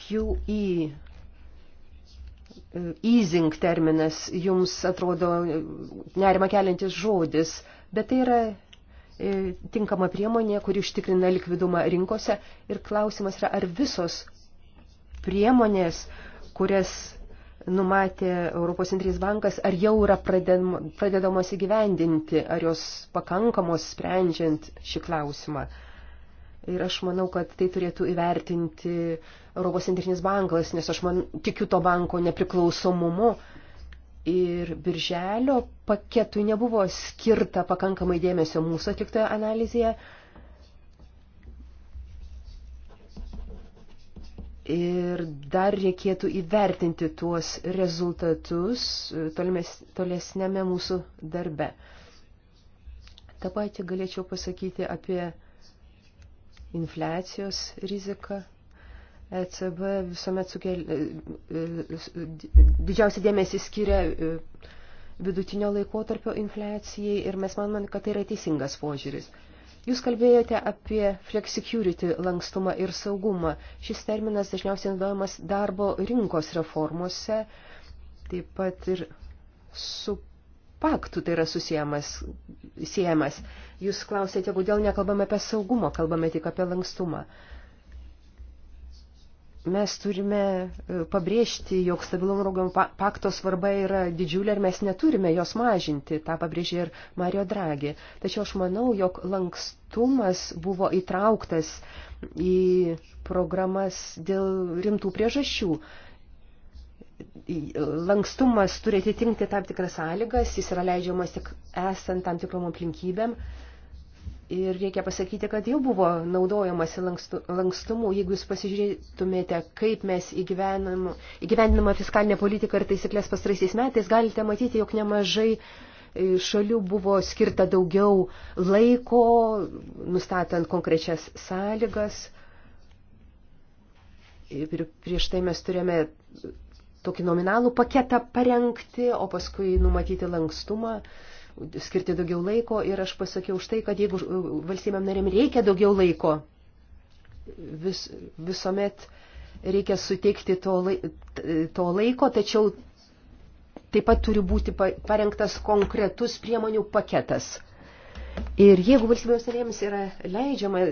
QE e, easing terminas jums atrodo nerima keliantis žodis, bet tai yra E, tinkama priemonė, kuri užtikrina likvidumą rinkose. Ir klausimas yra, ar visos priemonės, kurias numatė Europos centrinis bankas, ar jau yra pradedamos įgyvendinti, ar jos pakankamos sprendžiant šį klausimą. Ir aš manau, kad tai turėtų įvertinti Europos centrinis bankas, nes aš man, tikiu to banko nepriklausomumu ir birželio paketui nebuvo skirta pakankamai dėmesio mūsų atliktoje analizėje. Ir dar reikėtų įvertinti tuos rezultatus tolimės, tolesnėme mūsų darbe. Ta pati galėčiau pasakyti apie infliacijos riziką ECB visuomet sukel... E, e, didžiausią dėmesį skiria e, vidutinio laikotarpio infliacijai ir mes manome, kad tai yra teisingas požiūris. Jūs kalbėjote apie flexicurity, lankstumą ir saugumą. Šis terminas dažniausiai naudojamas darbo rinkos reformuose, taip pat ir su paktu tai yra susijęs. Siejamas. Jūs klausėte, kodėl nekalbame apie saugumą, kalbame tik apie lankstumą. Uh, mes turime e, pabrėžti, jog stabilumo raugiamo pakto svarba yra didžiulė ir mes neturime jos mažinti, tą pabrėžė ir Mario Draghi. Tačiau aš manau, jog lankstumas buvo įtrauktas į programas dėl rimtų priežasčių. E, lankstumas turi atitinkti tam tikras sąlygas, jis yra leidžiamas tik esant tam tikrom aplinkybėm. Ir reikia pasakyti, kad jau buvo naudojamasi lankstumu. Jeigu jūs pasižiūrėtumėte, kaip mes įgyvendinamą fiskalinę politiką ir taisyklės pastraisiais metais, galite matyti, jog nemažai e, šalių buvo skirta daugiau laiko, nustatant konkrečias sąlygas. Ir prieš tai mes turėjome tokį nominalų paketą parengti, o paskui numatyti lankstumą. Uh, skirti daugiau laiko ir aš pasakiau už tai, kad jeigu valstybėm narėm reikia daugiau laiko, vis, visuomet reikia suteikti to, lai, to laiko, tačiau taip pat turi būti parengtas konkretus priemonių paketas. Ir jeigu valstybės narėms yra leidžiama e,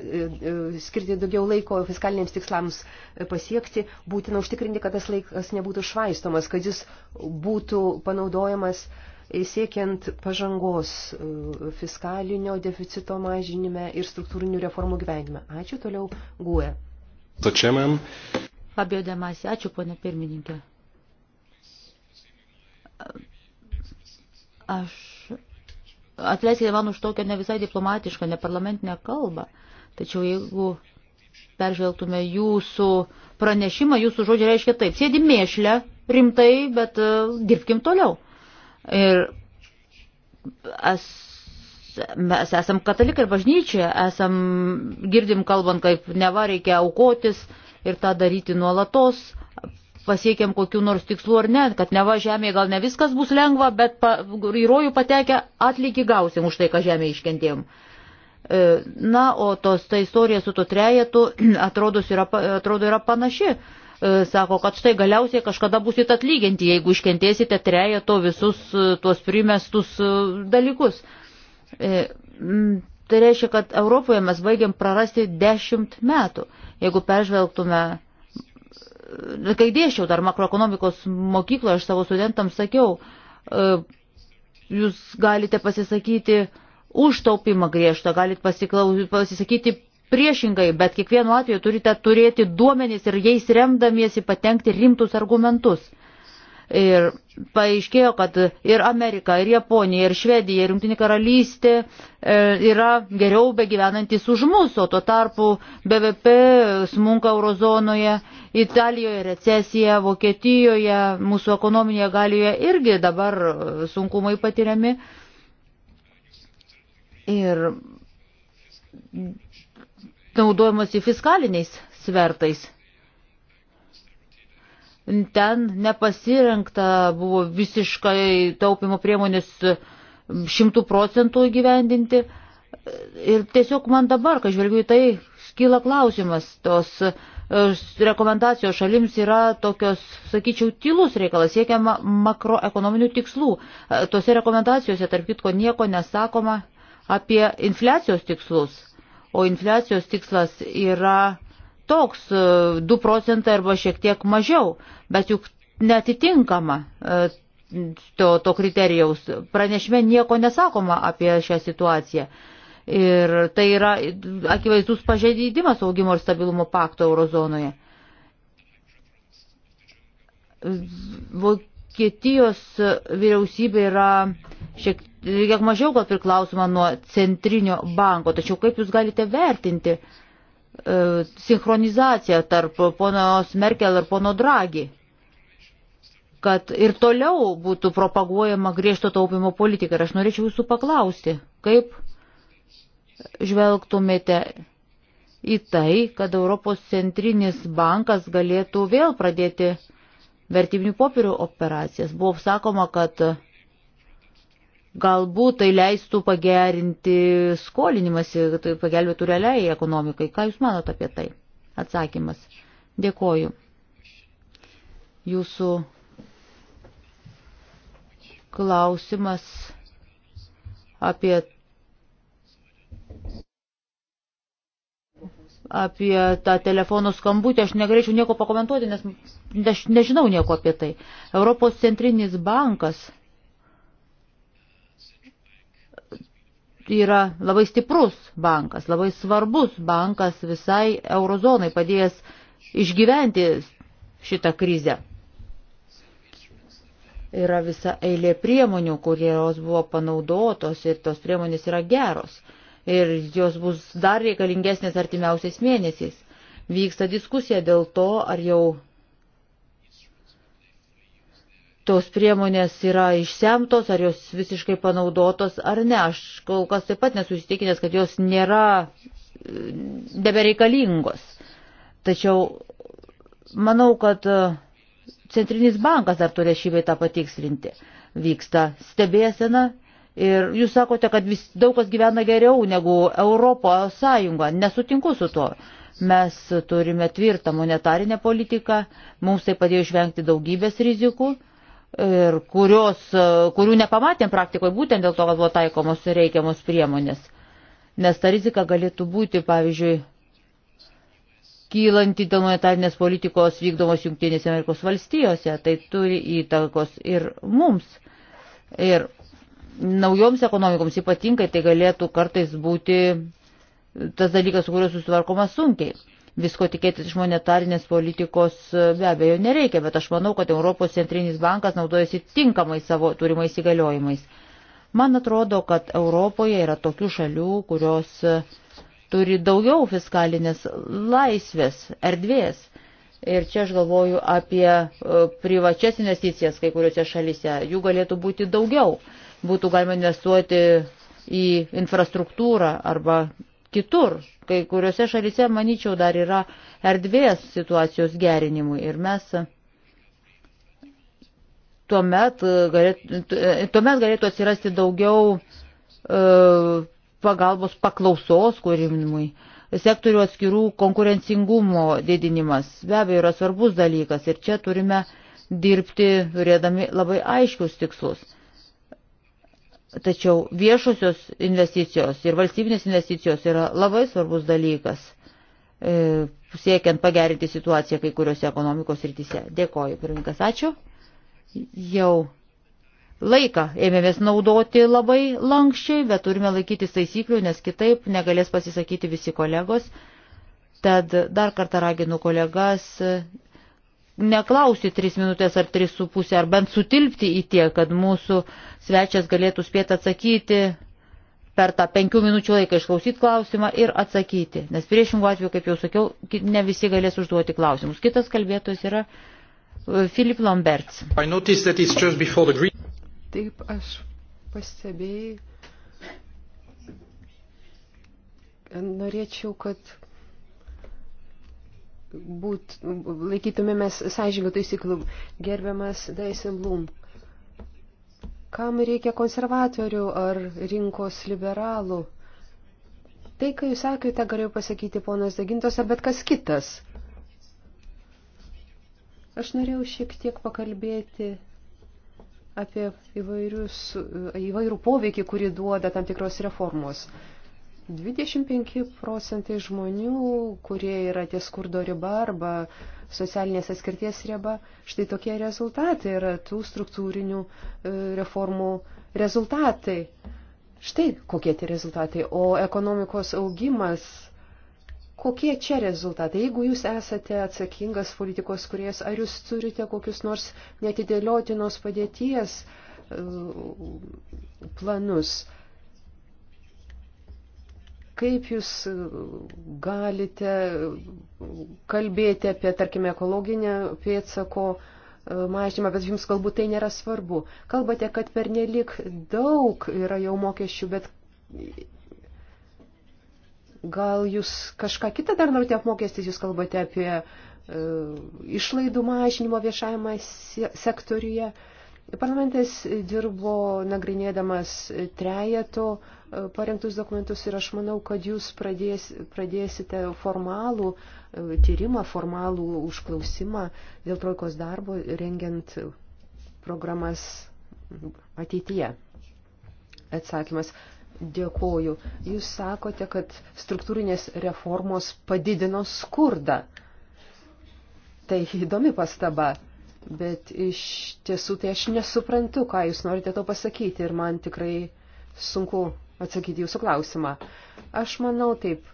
e, skirti daugiau laiko fiskaliniams tikslams e, pasiekti, būtina užtikrinti, kad tas laikas nebūtų švaistomas, kad jis būtų panaudojamas uh, siekiant pažangos e, fiskalinio deficito mažinime ir struktūrinių reformų gyvenime. Ačiū toliau, Guė. Tačiamėm. Abiedamas, ačiū, ponė pirmininkė. Aš atleiskite man už tokią ne visai diplomatišką, neparlamentinę kalbą. Tačiau jeigu peržvelgtume jūsų pranešimą, jūsų žodžiai reiškia taip, sėdi mėšlę, rimtai, bet uh, dirbkim toliau. Ir es, mes esam katalikai ir bažnyčioje, esam, girdim kalbant, kaip neva reikia aukotis ir tą daryti nuolatos, pasiekėm kokiu nors tikslu ar ne, kad neva žemėje gal ne viskas bus lengva, bet pa, į rojų patekę atlygį gausim už tai, ką žemėje iškentėjom. E, na, o tos ta istorija su to trejetu atrodo yra, atrodo yra panaši. E, sako, kad štai galiausiai kažkada busit atlyginti, jeigu iškentėsite trejato visus e, tuos primestus e, dalykus. Tai reiškia, kad Europoje mes baigiam prarasti dešimt metų. Jeigu peržvelgtume, kai dėšiau dar makroekonomikos mokykloje, aš savo studentams sakiau, jūs galite pasisakyti už taupimą griežtą, galite pasisakyti priešingai, bet kiekvienu atveju turite turėti duomenys ir jais remdamiesi patengti rimtus argumentus. Ir paaiškėjo, kad ir Amerika, ir Japonija, ir Švedija, ir Junktinė karalystė e, yra geriau begyvenantis už mus, o tuo tarpu BVP smunka eurozonoje, Italijoje recesija, Vokietijoje, mūsų ekonominėje galioje irgi dabar sunkumai patiriami. Ir naudojamosi fiskaliniais svertais. Ten nepasirinkta buvo visiškai taupimo priemonės šimtų procentų įgyvendinti. Ir tiesiog man dabar, kai žvelgiu į tai, kyla klausimas, tos e, rekomendacijos šalims yra tokios, sakyčiau, tylus reikalas, siekiama makroekonominių tikslų. E, tose rekomendacijose, tarp kitko, nieko nesakoma apie infliacijos tikslus o infliacijos tikslas yra toks 2 e, procentai arba šiek tiek mažiau, bet juk netitinkama e, to, to kriterijaus. Pranešime nieko nesakoma apie šią situaciją. Ir tai yra akivaizdus pažeidimas augimo ir stabilumo pakto eurozonoje. Vokietijos vyriausybė yra šiek tiek mažiau gal priklausoma nuo centrinio banko, tačiau kaip jūs galite vertinti e, sinchronizaciją tarp ponos Merkel ir pono Dragi, kad ir toliau būtų propaguojama griežto taupimo politika. Ir aš norėčiau jūsų paklausti, kaip žvelgtumėte į tai, kad Europos centrinis bankas galėtų vėl pradėti vertybinių popierių operacijas. Buvo sakoma, kad Galbūt tai leistų pagerinti skolinimąsi, tai pagelbėtų realiai ekonomikai. Ką Jūs manote apie tai? Atsakymas. Dėkoju. Jūsų klausimas apie, apie tą telefono skambutį. Aš negalėčiau nieko pakomentuoti, nes aš nežinau nieko apie tai. Europos centrinis bankas yra labai stiprus bankas, labai svarbus bankas visai eurozonai padėjęs išgyventi šitą krizę. Yra visa eilė priemonių, kurios buvo panaudotos ir tos priemonės yra geros. Ir jos bus dar reikalingesnės artimiausiais mėnesiais. Vyksta diskusija dėl to, ar jau tos priemonės yra išsemtos, ar jos visiškai panaudotos, ar ne. Aš kol kas taip pat nesusitikinęs, kad jos nėra e, nebereikalingos. Tačiau manau, kad e, Centrinis bankas dar turi šį veitą patikslinti. Vyksta stebėsena ir jūs sakote, kad vis, daug kas gyvena geriau negu Europos Sąjunga. Nesutinku su tuo mes turime tvirtą monetarinę politiką, mums tai padėjo išvengti daugybės rizikų, ir kurios, e, kurių nepamatėm praktikoje būtent dėl to, kad buvo taikomos reikiamos priemonės. Nes ta rizika galėtų būti, pavyzdžiui, kylanti dėl monetarinės politikos vykdomos Junktinėse Amerikos valstijose, tai turi įtakos ir mums. Ir naujoms ekonomikoms ypatingai tai galėtų kartais būti tas dalykas, su kuriuo susitvarkoma sunkiai visko tikėtis iš monetarinės politikos e, be abejo nereikia, bet aš manau, kad Europos centrinis bankas naudojasi tinkamai savo turimais įgaliojimais. Man atrodo, kad Europoje yra tokių šalių, kurios e, turi daugiau fiskalinės laisvės, erdvės. Ir čia aš galvoju apie e, privačias investicijas kai kuriuose šalyse. Jų galėtų būti daugiau. Būtų galima investuoti į infrastruktūrą arba kitur. Kai kuriuose šalyse, manyčiau, dar yra erdvės situacijos gerinimui ir mes e, tuomet e, galėtų, e, tuomet galėtų atsirasti daugiau pagalbos paklausos kūrimui, sektorių atskirų konkurencingumo didinimas. Be abejo, yra svarbus dalykas ir čia turime dirbti, turėdami labai aiškius tikslus. Tačiau viešosios investicijos ir valstybinės investicijos yra labai svarbus dalykas e, siekiant pagerinti situaciją kai kuriuose ekonomikos rytise. Dėkoju, pirmininkas, ačiū. Jau laiką ėmėmės naudoti labai lankščiai, bet turime laikytis taisyklių, nes kitaip negalės pasisakyti visi kolegos. Tad dar kartą raginu kolegas neklausti tris minutės ar tris su pusė, ar bent sutilpti į tie, kad mūsų svečias galėtų spėti atsakyti per tą penkių minučių laiką išklausyti klausimą ir atsakyti. Nes priešingų atveju, kaip jau sakiau, ne visi galės užduoti klausimus. Kitas kalbėtojas yra Filip e, Lamberts. Taip, aš pastebėjau. Norėčiau, kad būt, laikytumėmės sąžininko taisyklių. Gerbiamas Daisemblum, kam reikia konservatorių ar rinkos liberalų? Tai, ką jūs sakėte, galiu pasakyti ponas Dagintos ar bet kas kitas. Aš norėjau šiek tiek pakalbėti apie įvairius, įvairių poveikį, kurį duoda tam tikros reformos. Uh, 25 procentai žmonių, kurie yra ties skurdo riba arba socialinės atskirties riba, štai tokie rezultatai yra tų struktūrinių e, reformų rezultatai. Štai kokie tie rezultatai. O ekonomikos augimas, kokie čia rezultatai? Jeigu jūs esate atsakingas politikos kuriejas, ar jūs turite kokius nors netidėliotinos padėties e, planus? Kaip jūs e, galite kalbėti apie, tarkime, ekologinę pėdsako e, mažinimą, bet jums galbūt tai nėra svarbu. Kalbate, kad per nelik daug yra jau mokesčių, bet gal jūs kažką kitą dar norite apmokestis, jūs kalbate apie e, išlaidų mažinimo viešajame sektoriuje. E, Parlamentas dirbo nagrinėdamas trejeto e, parengtus dokumentus ir aš manau, kad jūs pradės, pradėsite formalų e, tyrimą, formalų užklausimą dėl trojkos darbo rengiant programas ateityje. Atsakymas. Dėkoju. Jūs sakote, kad struktūrinės reformos padidino skurdą. Tai įdomi pastaba. Bet iš tiesų tai aš nesuprantu, ką jūs norite to pasakyti ir man tikrai sunku atsakyti jūsų klausimą. Aš manau taip,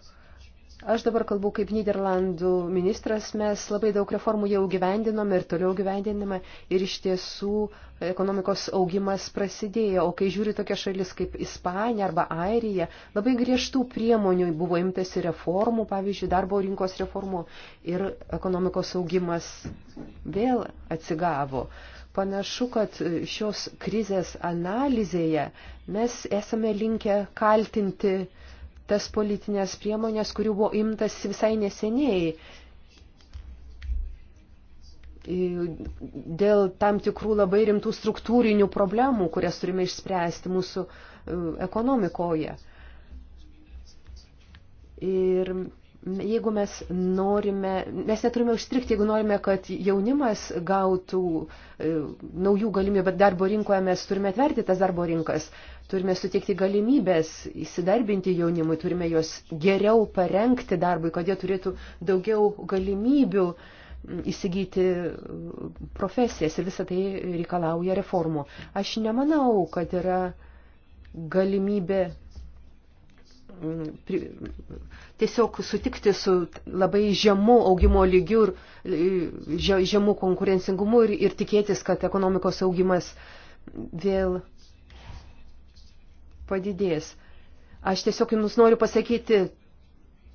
Aš dabar kalbu kaip Niderlandų ministras, mes labai daug reformų jau gyvendinome ir toliau gyvendiname ir iš tiesų ekonomikos augimas prasidėjo, o kai žiūri tokia šalis kaip Ispanija arba Airija, labai griežtų priemonių buvo imtasi reformų, pavyzdžiui, darbo rinkos reformų ir ekonomikos augimas vėl atsigavo. Panašu, kad šios krizės analizėje mes esame linkę kaltinti uh, tas politinės priemonės, kurių buvo imtas visai neseniai dėl tam tikrų labai rimtų struktūrinių problemų, kurias turime išspręsti mūsų e, ekonomikoje. Ir jeigu mes norime, mes neturime užstrikti, jeigu norime, kad jaunimas gautų e, naujų galimybių darbo rinkoje, mes turime atverti tas darbo rinkas, turime suteikti galimybės įsidarbinti jaunimui, turime juos geriau parengti darbui, kad jie turėtų daugiau galimybių įsigyti profesijas ir visą tai reikalauja reformų. Aš nemanau, kad yra galimybė tiesiog sutikti su labai žemu augimo lygiu ir žemu konkurencingumu ir, ir tikėtis, kad ekonomikos augimas vėl padidės. Aš tiesiog jums noriu pasakyti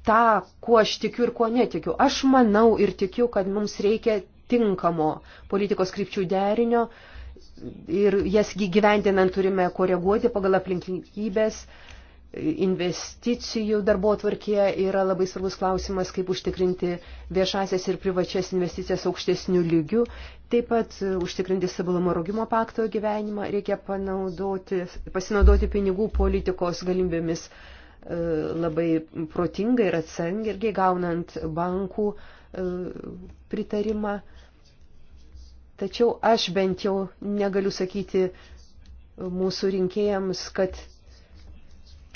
tą, kuo aš tikiu ir kuo netikiu. Aš manau ir tikiu, kad mums reikia tinkamo politikos krypčių derinio ir jas gyvendinant turime koreguoti pagal aplinkybės. Uh, investicijų darbo atvarkėje yra labai svarbus klausimas, kaip užtikrinti viešasias ir privačias investicijas aukštesnių lygių. Taip pat užtikrinti stabilumo rogimo pakto gyvenimą reikia pasinaudoti pinigų politikos galimybėmis e, labai protingai ir atsargiai gaunant bankų e, pritarimą. Tačiau aš bent jau negaliu sakyti mūsų rinkėjams, kad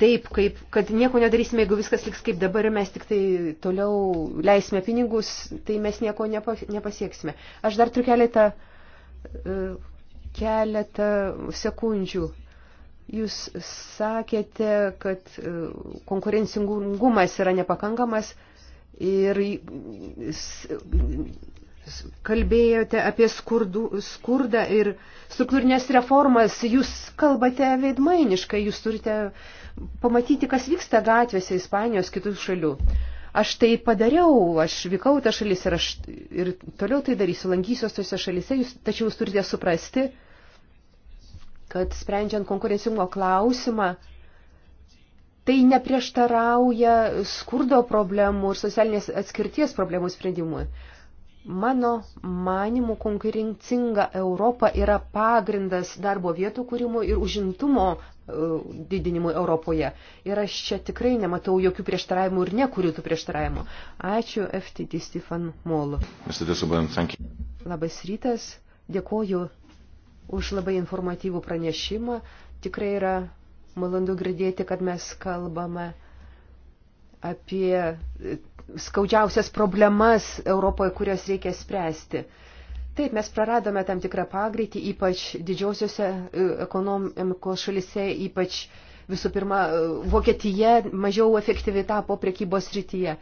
taip, kaip, kad nieko nedarysime, jeigu viskas liks kaip dabar ir mes tik tai toliau leisime pinigus, tai mes nieko nepa, nepasieksime. Aš dar turiu keletą, e, keletą sekundžių. Jūs sakėte, kad e, konkurencingumas yra nepakankamas ir kalbėjote apie skurdu, skurdą ir struktūrinės reformas. Jūs kalbate veidmainiškai, jūs turite uh, pamatyti, kas vyksta gatvėse Ispanijos kitų šalių. Aš tai padariau, aš vykau tą šalis ir, aš, ir toliau tai darysiu, lankysiuos tose šalise, jūs, tačiau jūs turite suprasti, kad sprendžiant konkurencingo klausimą, tai neprieštarauja skurdo problemų ir socialinės atskirties problemų sprendimui. Mano manimų konkurencinga Europa yra pagrindas darbo vietų kūrimo ir užimtumo didinimui Europoje. Ir aš čia tikrai nematau jokių prieštaravimų ir nekuriu tų prieštaravimų. Ačiū FTT Stefan Mol. Labas rytas, dėkoju už labai informatyvų pranešimą. Tikrai yra malonu girdėti, kad mes kalbame apie skaudžiausias problemas Europoje, kurias reikia spręsti. Taip, mes praradome tam tikrą pagreitį, ypač didžiausiose ekonomikos šalise, ypač visų pirma, e, Vokietija mažiau efektyvi tapo prekybos rytyje.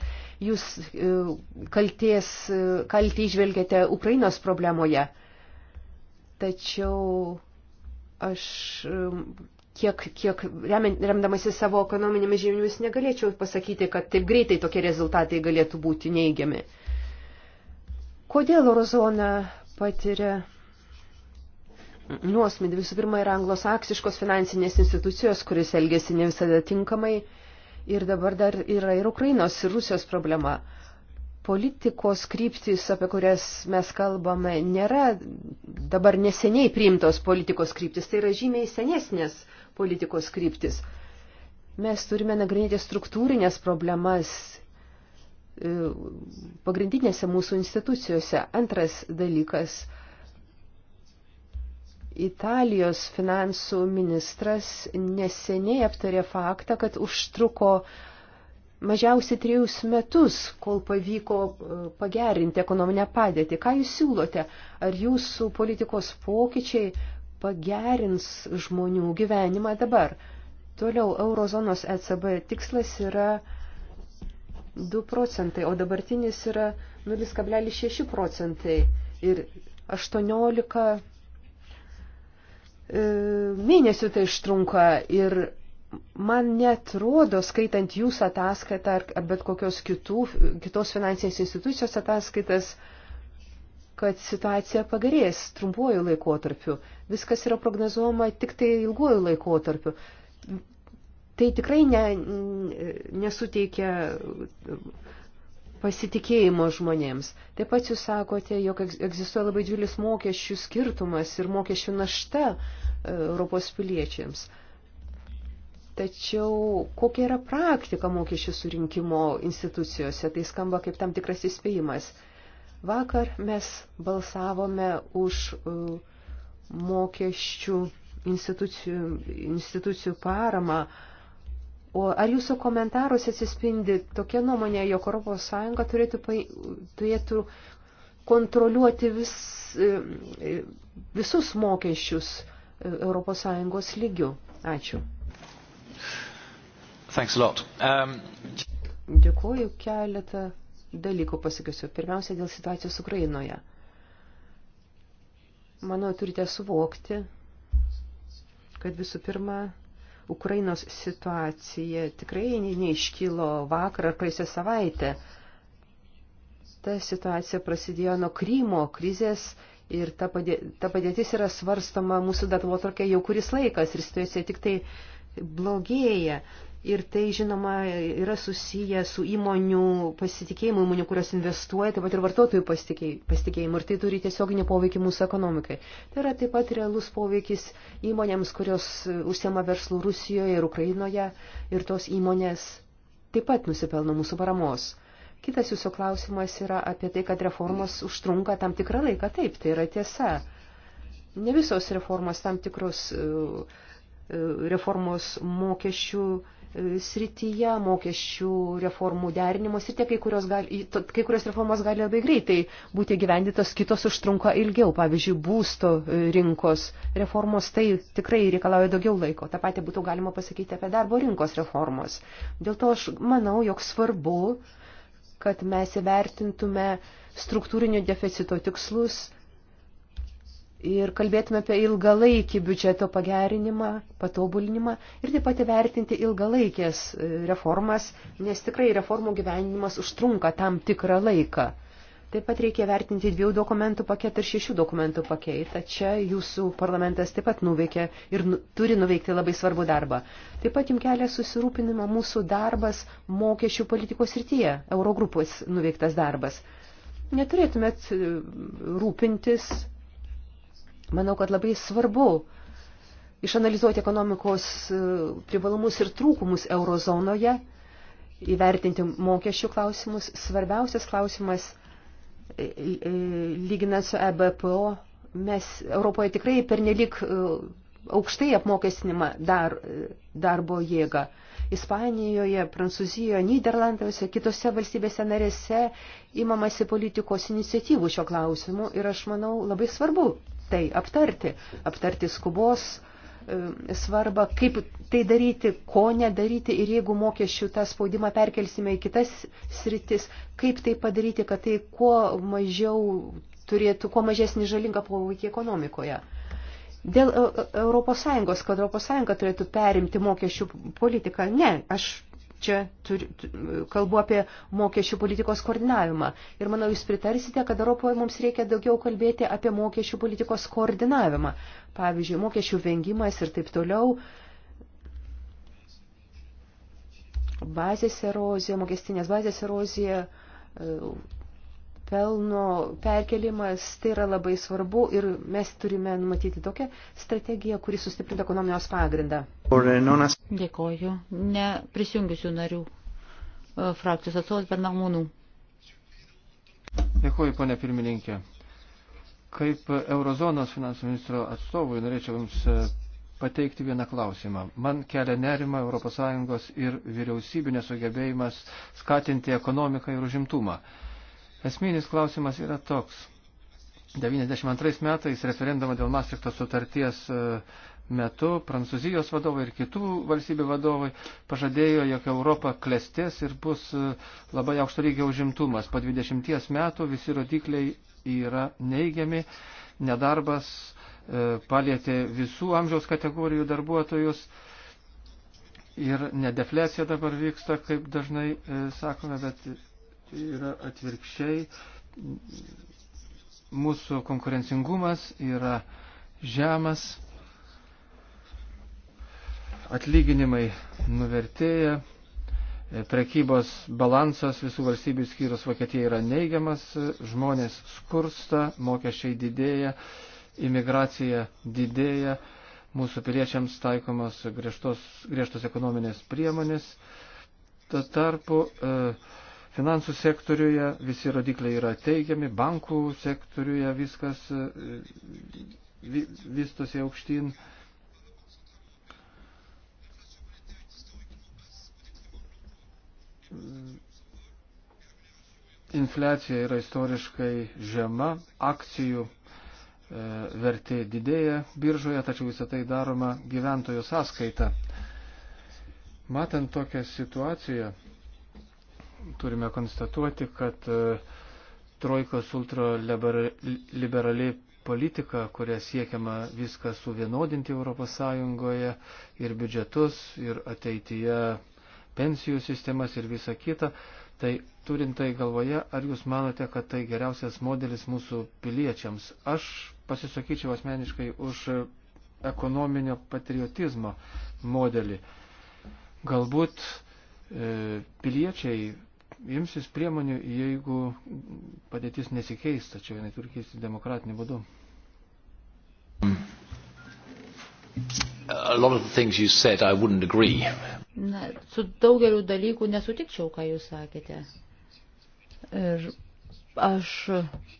Jūs e, kalties, e, kaltį išvelgiate Ukrainos problemoje. Tačiau aš kiek, kiek remdamasi savo ekonominėmis žiniomis negalėčiau pasakyti, kad taip greitai tokie rezultatai galėtų būti neigiami. Kodėl eurozona patiria nuosmidį. Visų pirma, yra anglosaksiškos finansinės institucijos, kuris elgesi ne visada tinkamai. Ir dabar dar yra ir Ukrainos, ir Rusijos problema. Politikos kryptis, apie kurias mes kalbame, nėra dabar neseniai priimtos politikos kryptis, tai yra žymiai senesnės politikos kryptis. Mes turime nagrinėti struktūrinės problemas E, pagrindinėse mūsų institucijose. Antras dalykas. Italijos finansų ministras neseniai aptarė faktą, kad užtruko mažiausiai trejus metus, kol pavyko e, pagerinti ekonominę padėtį. Ką jūs siūlote? Ar jūsų politikos pokyčiai pagerins žmonių gyvenimą dabar? Toliau eurozonos ECB tikslas yra 2 procentai, o dabartinis yra 0,6 procentai ir 18 e, mėnesių tai ištrunka ir man netrodo, skaitant jūsų ataskaitą ar bet kokios kitų, kitos finansinės institucijos ataskaitas, kad situacija pagerės trumpuoju laikotarpiu. Viskas yra prognozuojama tik tai ilguoju laikotarpiu tai tikrai ne, nesuteikia pasitikėjimo žmonėms. Taip pat jūs sakote, jog egzistuoja labai džiulis mokesčių skirtumas ir mokesčių našta e, Europos piliečiams. Tačiau kokia yra praktika mokesčių surinkimo institucijose, tai skamba kaip tam tikras įspėjimas. Vakar mes balsavome už e, mokesčių institucijų, institucijų paramą uh, O ar jūsų komentaruose atsispindi tokia nuomonė, jog ES turėtų, turėtų kontroliuoti vis, e, e, visus mokesčius ES lygių? Ačiū. Thanks a lot. Um... Dėkuoju keletą dalykų pasakysiu. Pirmiausia, dėl situacijos Ukrainoje. Manau, turite suvokti, kad visų pirma, Ukrainos situacija tikrai neiškilo vakar ar praėjusią savaitę. Ta situacija prasidėjo nuo Krymo krizės ir ta, padė, ta padėtis yra svarstoma mūsų darbo tvarkė jau kuris laikas ir situacija tik tai blogėja. Ir tai, žinoma, yra susiję su įmonių pasitikėjimu, įmonių, kurios investuoja, taip pat ir vartotojų pasitikėjimu. Ir tai turi tiesioginį poveikį mūsų ekonomikai. Tai yra taip pat realus poveikis įmonėms, kurios užsiema verslų Rusijoje ir Ukrainoje. Ir tos įmonės taip pat nusipelno mūsų paramos. Kitas jūsų klausimas yra apie tai, kad reformos užtrunka tam tikrą laiką. Taip, tai yra tiesa. Ne visos reformos tam tikrus. Uh, reformos mokesčių e, srityje, mokesčių reformų derinimo srityje, kai kurios, gali, kai kurios reformos gali labai greitai būti gyvendytos, kitos užtrunka ilgiau. Pavyzdžiui, būsto e, rinkos reformos tai tikrai reikalauja daugiau laiko. Ta pati būtų galima pasakyti apie darbo rinkos reformos. Dėl to aš manau, jog svarbu, kad mes įvertintume struktūrinio deficito tikslus ir kalbėtume apie ilgalaikį biudžeto pagerinimą, patobulinimą ir taip pat įvertinti ilgalaikės e, reformas, nes tikrai reformų gyvenimas užtrunka tam tikrą laiką. Taip pat reikia vertinti dviejų dokumentų paketą ir šešių dokumentų paketą. Čia jūsų parlamentas taip pat nuveikė ir nu, turi nuveikti labai svarbų darbą. Taip pat jums kelia susirūpinimą mūsų darbas mokesčių politikos rytyje, Eurogrupos nuveiktas darbas. Neturėtumėt e, rūpintis Manau, kad labai svarbu išanalizuoti ekonomikos e, privalumus ir trūkumus eurozonoje, įvertinti mokesčių klausimus. Svarbiausias klausimas, e, e, lyginant su EBPO, mes Europoje tikrai pernelik aukštai apmokestinimą dar, darbo jėgą. Ispanijoje, Prancūzijoje, Niderlanduose, kitose valstybėse narėse imamasi politikos iniciatyvų šio klausimu ir aš manau labai svarbu tai aptarti, aptarti skubos e, svarbą, kaip tai daryti, ko nedaryti ir jeigu mokesčių tą spaudimą perkelsime į kitas sritis, kaip tai padaryti, kad tai kuo mažiau turėtų, kuo mažesnį žalingą poveikį ekonomikoje. Dėl ES, e- kad ES turėtų perimti mokesčių politiką, ne, aš čia turi, kalbu apie mokesčių politikos koordinavimą. Ir manau, jūs pritarsite, kad Europoje mums reikia daugiau kalbėti apie mokesčių politikos koordinavimą. Pavyzdžiui, mokesčių vengimas ir taip toliau. Bazės erozija, mokestinės bazės erozija, pelno perkelimas, tai yra labai svarbu ir mes turime numatyti tokią strategiją, kuri sustiprintų ekonomijos pagrindą. Dėkoju. Neprisijungusių narių e, frakcijos atstovas Bernamūnų. Dėkoju, ponė pirmininkė. Kaip Eurozonos finansų ministro atstovui norėčiau Jums e, pateikti vieną klausimą. Man kelia nerima ES ir vyriausybė nesugebėjimas skatinti ekonomiką ir užimtumą. Esminis klausimas yra toks. 92 metais referendumą dėl Maastrichto sutarties e, metu Prancūzijos vadovai ir kitų valstybių vadovai pažadėjo, jog Europa klestės ir bus e, labai aukšto lygio užimtumas. Po 20 metų visi rodikliai yra neigiami, nedarbas e, palėtė visų amžiaus kategorijų darbuotojus ir nedeflecija dabar vyksta, kaip dažnai sakome, bet Tai yra atvirkščiai. Mūsų konkurencingumas yra žemas, atlyginimai nuvertėja, prekybos balansas visų valstybių skyrus Vokietija yra neigiamas, žmonės skursta, mokesčiai didėja, imigracija didėja, mūsų piliečiams taikomos griežtos, griežtos ekonominės priemonės. Tuo tarpu e, Finansų sektoriuje visi rodikliai yra teigiami, bankų sektoriuje viskas e, vystosi aukštyn. Infliacija yra istoriškai žema, akcijų e, vertė didėja biržoje, tačiau visą tai daroma gyventojų sąskaita. Matant tokią situaciją, turime konstatuoti, kad e, trojkos ultraliberali politika, kuria siekiama viską suvienodinti ES ir biudžetus, ir ateityje pensijų sistemas ir visa kita, tai turint tai galvoje, ar jūs manote, kad tai geriausias modelis mūsų piliečiams? Aš pasisakyčiau asmeniškai už ekonominio patriotizmo modelį. Galbūt e, piliečiai imsis priemonių, jeigu padėtis nesikeis, tačiau jinai turi keisti demokratinį būdu. Said, Na, su daugeliu dalykų nesutikčiau, ką jūs sakėte. Ir aš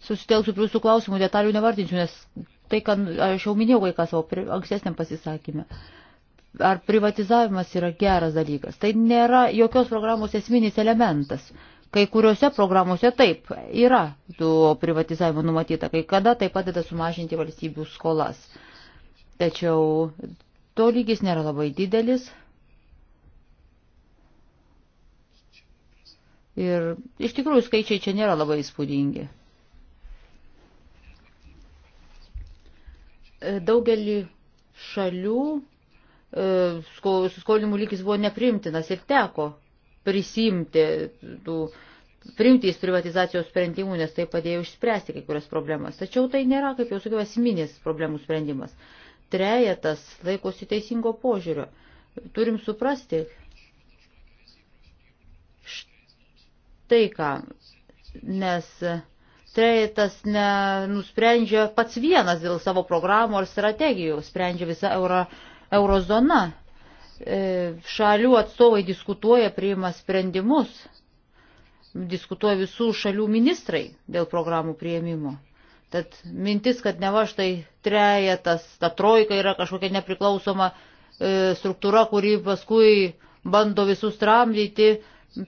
susitelksiu prie jūsų klausimų, detalių nevardinsiu, nes tai, ką aš jau minėjau kai ką savo ankstesniam pasisakymę. Uh, ar privatizavimas yra geras dalykas. Tai nėra jokios programos esminis elementas. Kai kuriuose programuose taip yra to privatizavimo numatyta, kai kada tai padeda sumažinti valstybių skolas. Tačiau to lygis nėra labai didelis. Ir iš tikrųjų skaičiai čia nėra labai įspūdingi. Daugelį šalių E, skolinimų lygis buvo neprimtinas ir teko prisimti tų priimti iš privatizacijos sprendimų, nes tai padėjo išspręsti kai kurias problemas. Tačiau tai nėra, kaip jau sakiau, esminis problemų sprendimas. Trejetas laikosi teisingo požiūrio. Turim suprasti štai ką, nes trejetas nenusprendžia pats vienas dėl savo programų ar strategijų, sprendžia visa Europos eurozona. E, šalių atstovai diskutuoja, priima sprendimus, diskutuoja visų šalių ministrai dėl programų prieimimo. Tad mintis, kad neva štai trejetas, ta trojka yra kažkokia nepriklausoma e, struktūra, kuri paskui bando visus tramdyti,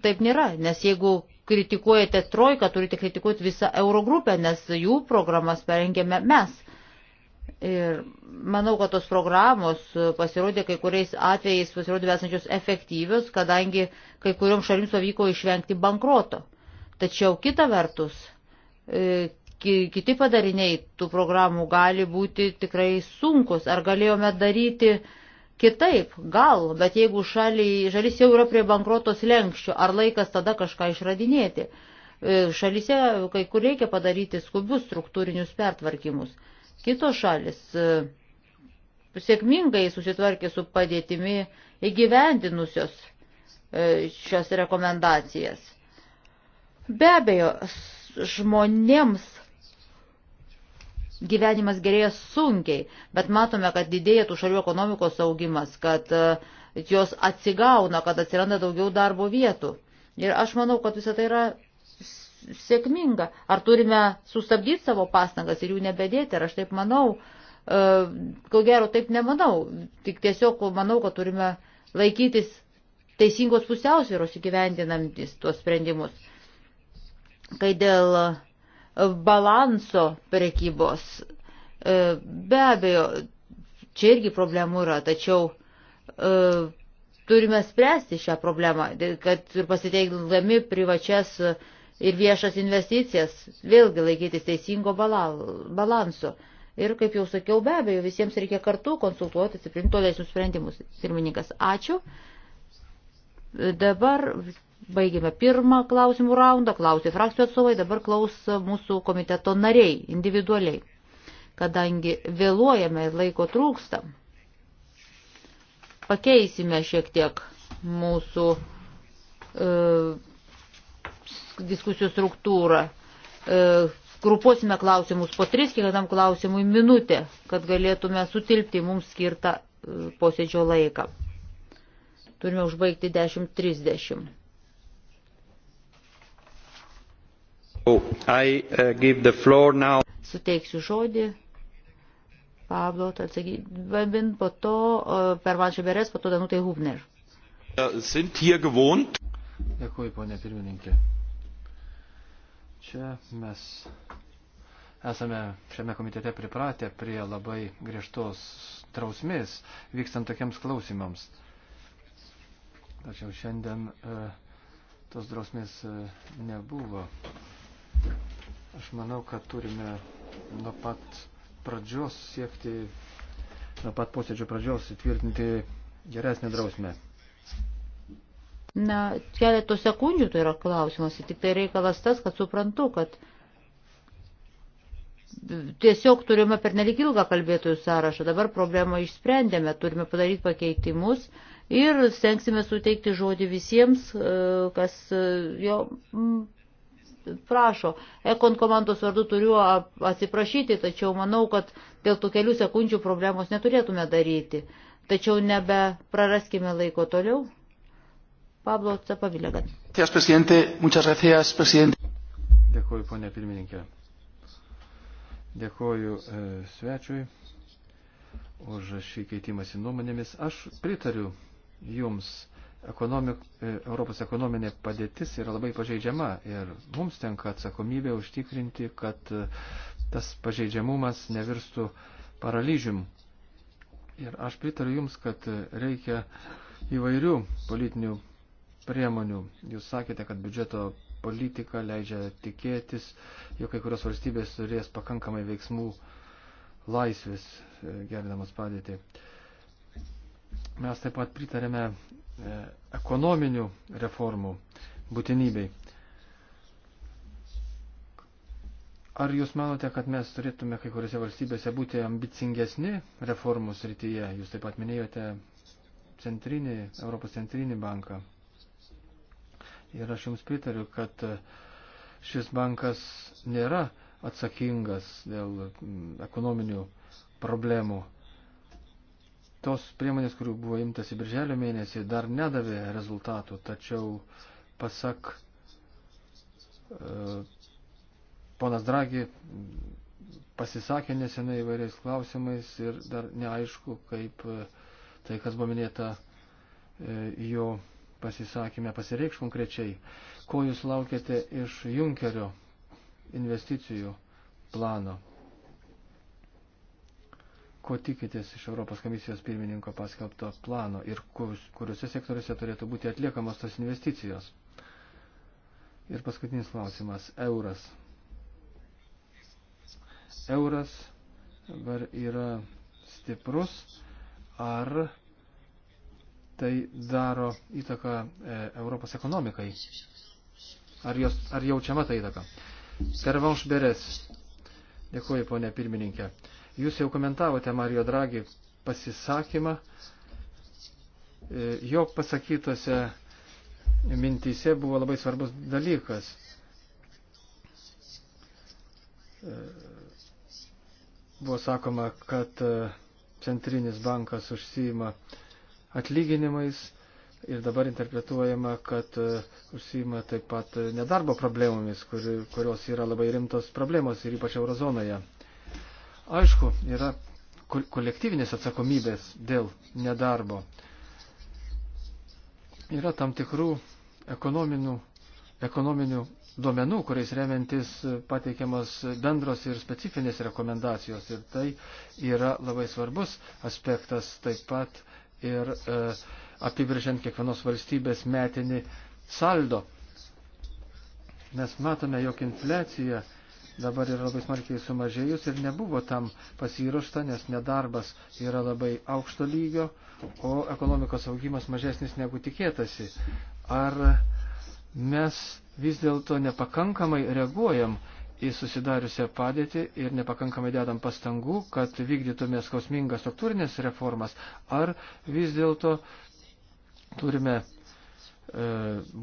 taip nėra, nes jeigu kritikuojate trojką, turite kritikuoti visą Eurogrupę, nes jų programas perengėme mes. Ir manau, kad tos programos pasirodė kai kuriais atvejais pasirodė esančios efektyvios, kadangi kai kuriuom šalims pavyko išvengti bankroto. Tačiau kita vertus, e, kiti padariniai tų programų gali būti tikrai sunkus. Ar galėjome daryti kitaip? Gal, bet jeigu šalis, šalis jau yra prie bankrotos lenkščio, ar laikas tada kažką išradinėti? E, Šalise kai kur reikia padaryti skubius struktūrinius pertvarkymus. Kitos šalis e, sėkmingai susitvarkė su padėtimi įgyvendinusios e, šios rekomendacijas. Be abejo, žmonėms gyvenimas gerėja sunkiai, bet matome, kad didėja tų šalių ekonomikos augimas, kad e, jos atsigauna, kad atsiranda daugiau darbo vietų. Ir aš manau, kad visą tai yra sėkminga. Ar turime sustabdyti savo pastangas ir jų nebedėti, ar aš taip manau, e, ko gero taip nemanau, tik tiesiog manau, kad turime laikytis teisingos pusiausvėros įgyvendinantis tuos sprendimus. Kai dėl e, balanso prekybos, e, be abejo, čia irgi problemų yra, tačiau turime spręsti šią problemą, kad ir pasiteikdami privačias ir viešas investicijas, vėlgi laikytis teisingo balanso. Ir, kaip jau sakiau, be abejo, visiems reikia kartu konsultuotis ir priimti tolesnius sprendimus. Pirmininkas, ačiū. Dabar baigėme pirmą klausimų raundą, klausė frakcijų atstovai, dabar klaus mūsų komiteto nariai individualiai. Kadangi vėluojame ir laiko trūksta, pakeisime šiek tiek mūsų e, diskusijų struktūrą. E, grupuosime klausimus po tris, kiekvienam klausimui minutę, kad galėtume sutilpti mums skirtą e, posėdžio laiką. Turime užbaigti 10.30. Uh, Suteiksiu žodį Pablo Tatsagibin, po to e, Pervanšė Beres, po to Danutai Hubner. Dėkui, ponė pirmininkė. Čia mes esame šiame komitete pripratę prie labai griežtos trausmės vykstant tokiems klausimams. Tačiau šiandien e, tos drausmės e, nebuvo. Aš manau, kad turime nuo pat pradžios siekti, nuo pat posėdžio pradžios įtvirtinti geresnę drausmę. Na, keletų sekundžių tai yra klausimas, tik tai reikalas tas, kad suprantu, kad tiesiog turime per nelik ilgą kalbėtojų sąrašą, dabar problemą išsprendėme, turime padaryti pakeitimus ir stengsime suteikti žodį visiems, e, kas e, jo prašo. Ekon komandos vardu turiu atsiprašyti, tačiau manau, kad dėl tų kelių sekundžių problemos neturėtume daryti. Tačiau nebe praraskime laiko toliau. Pablo Cepavilegan. Dėkuoju, ponė pirmininkė. Dėkuoju e, svečiui už šį keitimąsi nuomonėmis. Aš pritariu jums. Ekonomik, e, Europos ekonominė padėtis yra labai pažeidžiama ir mums tenka atsakomybė užtikrinti, kad e, tas pažeidžiamumas nevirstų paralyžium. Ir aš pritariu Jums, kad e, reikia įvairių politinių priemonių. Jūs sakėte, kad biudžeto politika leidžia tikėtis, jog kai kurios valstybės turės pakankamai veiksmų laisvės e, gerinamas padėtį. Mes taip pat pritarėme e, ekonominių reformų būtinybei. Ar jūs manote, kad mes turėtume kai kuriuose valstybėse būti ambicingesni reformų srityje? Jūs taip pat minėjote centrinį, Europos centrinį banką. Ir aš jums pritariu, kad e, šis bankas nėra atsakingas dėl mm, ekonominių problemų. Tos priemonės, kurių buvo imtasi birželio mėnesį, dar nedavė rezultatų, tačiau pasak e, ponas Dragi mm, pasisakė nesenai įvairiais klausimais ir dar neaišku, kaip e, tai, kas buvo minėta jo pasisakymę pasireikš konkrečiai, ko jūs laukiate iš Junkerio investicijų plano, ko tikitės iš Europos komisijos pirmininko paskelbto plano ir kuriuose sektoriuose turėtų būti atliekamos tos investicijos. Ir paskutinis klausimas – euras. Euras dabar yra stiprus, ar tai daro įtaką e, Europos ekonomikai? Ar, jos, ar jaučiama ta įtaka? Servanš Beres. Dėkuoju, ponė pirmininkė. Jūs jau komentavote Mario Draghi pasisakymą. E, jo pasakytose mintyse buvo labai svarbus dalykas. E, buvo sakoma, kad centrinis bankas užsijima uh, atlyginimais ir dabar interpretuojama, kad e, užsima taip pat e, nedarbo problemomis, kur, kurios yra labai rimtos problemos ir ypač eurozonoje. Aišku, yra kolektyvinės atsakomybės dėl nedarbo. Yra tam tikrų ekonominių, ekonominių duomenų, kuriais remiantis e, pateikiamos bendros ir specifinės rekomendacijos. Ir tai yra labai svarbus aspektas taip pat ir e, apibrėžiant kiekvienos valstybės metinį saldo. Mes matome, jog infliacija dabar yra labai smarkiai sumažėjus ir nebuvo tam pasiruošta, nes nedarbas yra labai aukšto lygio, o ekonomikos augimas mažesnis negu tikėtasi. Ar mes vis dėlto nepakankamai reaguojam į susidariusią padėtį ir nepakankamai dedam pastangų, kad vykdytume skausmingas struktūrinės reformas, ar vis dėlto turime e,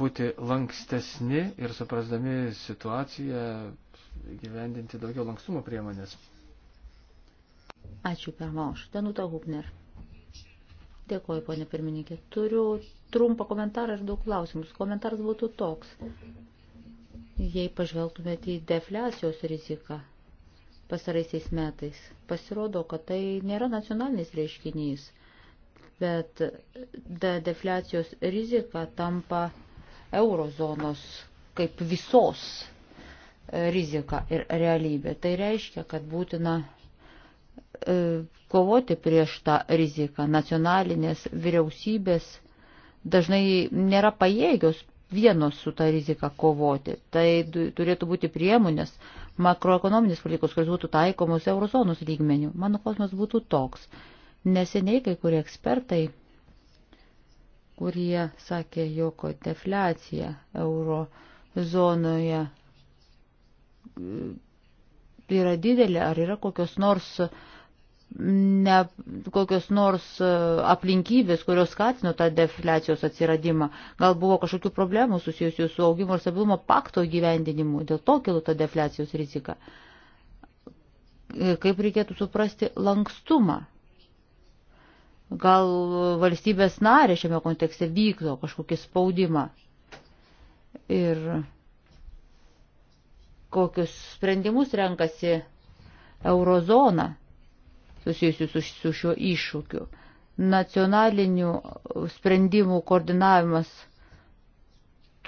būti lankstesni ir suprasdami situaciją gyvendinti daugiau lankstumo priemonės. Ačiū per mauš. Danuta Hupner. Dėkuoju, ponė pirmininkė. Turiu trumpą komentarą ir daug klausimus. Komentaras būtų toks jei pažvelgtumėte į defliacijos riziką pasaraisiais metais, pasirodo, kad tai nėra nacionalinis reiškinys, bet defliacijos rizika tampa eurozonos kaip visos e, rizika ir realybė. Tai reiškia, kad būtina e, kovoti prieš tą riziką. Nacionalinės vyriausybės dažnai nėra pajėgios vienos su tą riziką kovoti. Tai turėtų būti priemonės makroekonominės politikos, kuris būtų taikomos eurozonos lygmenių. Mano klausimas būtų toks. Neseniai kai kurie ekspertai, kurie sakė, jog defliacija eurozonoje e, yra didelė, ar yra kokios nors uh, ne kokios nors e, aplinkybės, kurios skatino tą defliacijos atsiradimą. Gal buvo kažkokių problemų susijusių su augimo ir stabilumo pakto gyvendinimu, dėl to kilo ta defliacijos rizika. E, kaip reikėtų suprasti lankstumą? Gal valstybės narė šiame kontekste vykdo kažkokį spaudimą? Ir kokius sprendimus renkasi eurozona? susijusių su, su šiuo iššūkiu. Nacionalinių sprendimų koordinavimas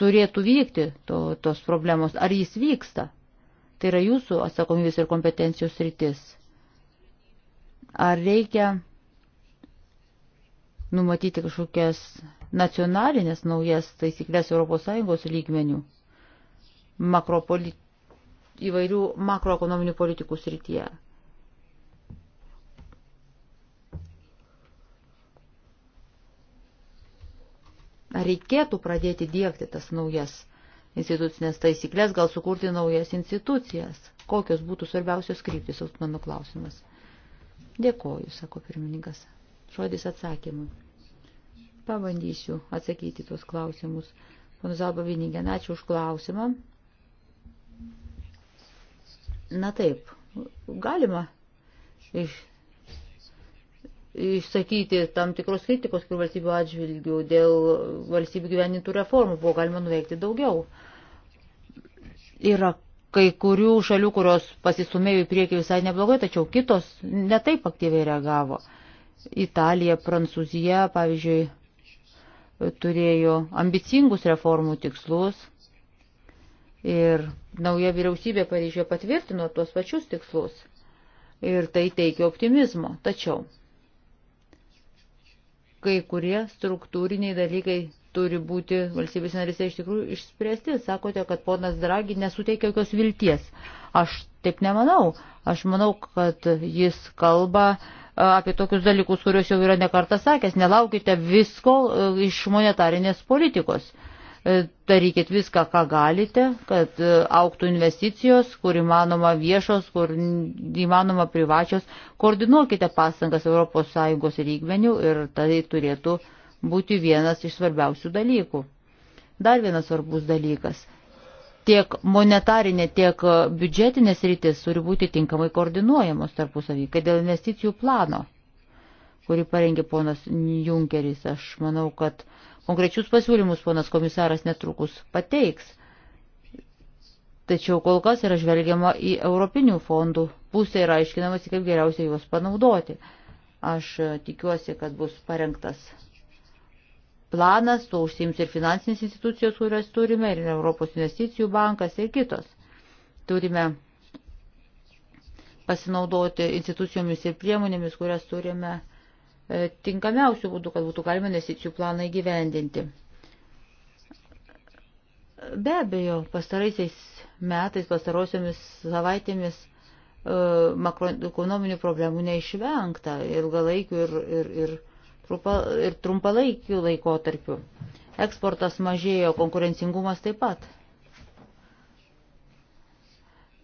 turėtų vykti to, tos problemos, ar jis vyksta. Tai yra jūsų atsakomybės ir kompetencijos rytis. Ar reikia numatyti kažkokias nacionalinės naujas taisyklės ES lygmenių makropoli... įvairių makroekonominių politikų srityje? Ar reikėtų pradėti dėkti tas naujas institucinės taisyklės, gal sukurti naujas institucijas? Kokios būtų svarbiausios kryptis, mano klausimas. Dėkoju, sako pirmininkas. Žodis atsakymui. Pabandysiu atsakyti tuos klausimus. Pana Zalba Vinigė, ačiū už klausimą. Na taip, galima iš išsakyti tam tikros kritikos, kur valstybių atžvilgių dėl valstybių gyvenintų reformų buvo galima nuveikti daugiau. Yra kai kurių šalių, kurios pasistumėjo į priekį visai neblogai, tačiau kitos netaip aktyviai reagavo. Italija, Prancūzija, pavyzdžiui, turėjo ambicingus reformų tikslus ir nauja vyriausybė Paryžioje patvirtino tuos pačius tikslus ir tai teikia optimizmo. Tačiau kai kurie struktūriniai dalykai turi būti valstybės narėse iš tikrųjų išspręsti. Sakote, kad ponas Dragi nesuteikia jokios vilties. Aš taip nemanau. Aš manau, kad jis kalba e, apie tokius dalykus, kuriuos jau yra nekartą sakęs. Nelaukite visko e, iš monetarinės politikos. E, darykit viską, ką galite, kad e, auktų investicijos, kur įmanoma viešos, kur įmanoma privačios, koordinuokite pastangas ES lygmenių ir tai turėtų būti vienas iš svarbiausių dalykų. Dar vienas svarbus dalykas. Tiek monetarinė, tiek biudžetinės rytis turi būti tinkamai koordinuojamos tarpusavį, kad dėl investicijų plano kurį parengė ponas Junkeris. Aš manau, kad uh, Konkrečius pasiūlymus ponas komisaras netrukus pateiks. Tačiau kol kas yra žvelgiama į europinių fondų pusę ir aiškinamasi, kaip geriausiai juos panaudoti. Aš tikiuosi, kad bus parengtas planas, to užsiims ir finansinės institucijos, kurias turime, ir Europos investicijų bankas ir kitos. Turime pasinaudoti institucijomis ir priemonėmis, kurias turime E, tinkamiausių būdų, kad būtų galima investicijų planą įgyvendinti. Be abejo, pastaraisiais metais, pastarosiomis savaitėmis e, makroekonominių problemų neišvengta ilgalaikių ir, ir, ir, trupa, ir trumpalaikių laikotarpių. Eksportas mažėjo, konkurencingumas taip pat.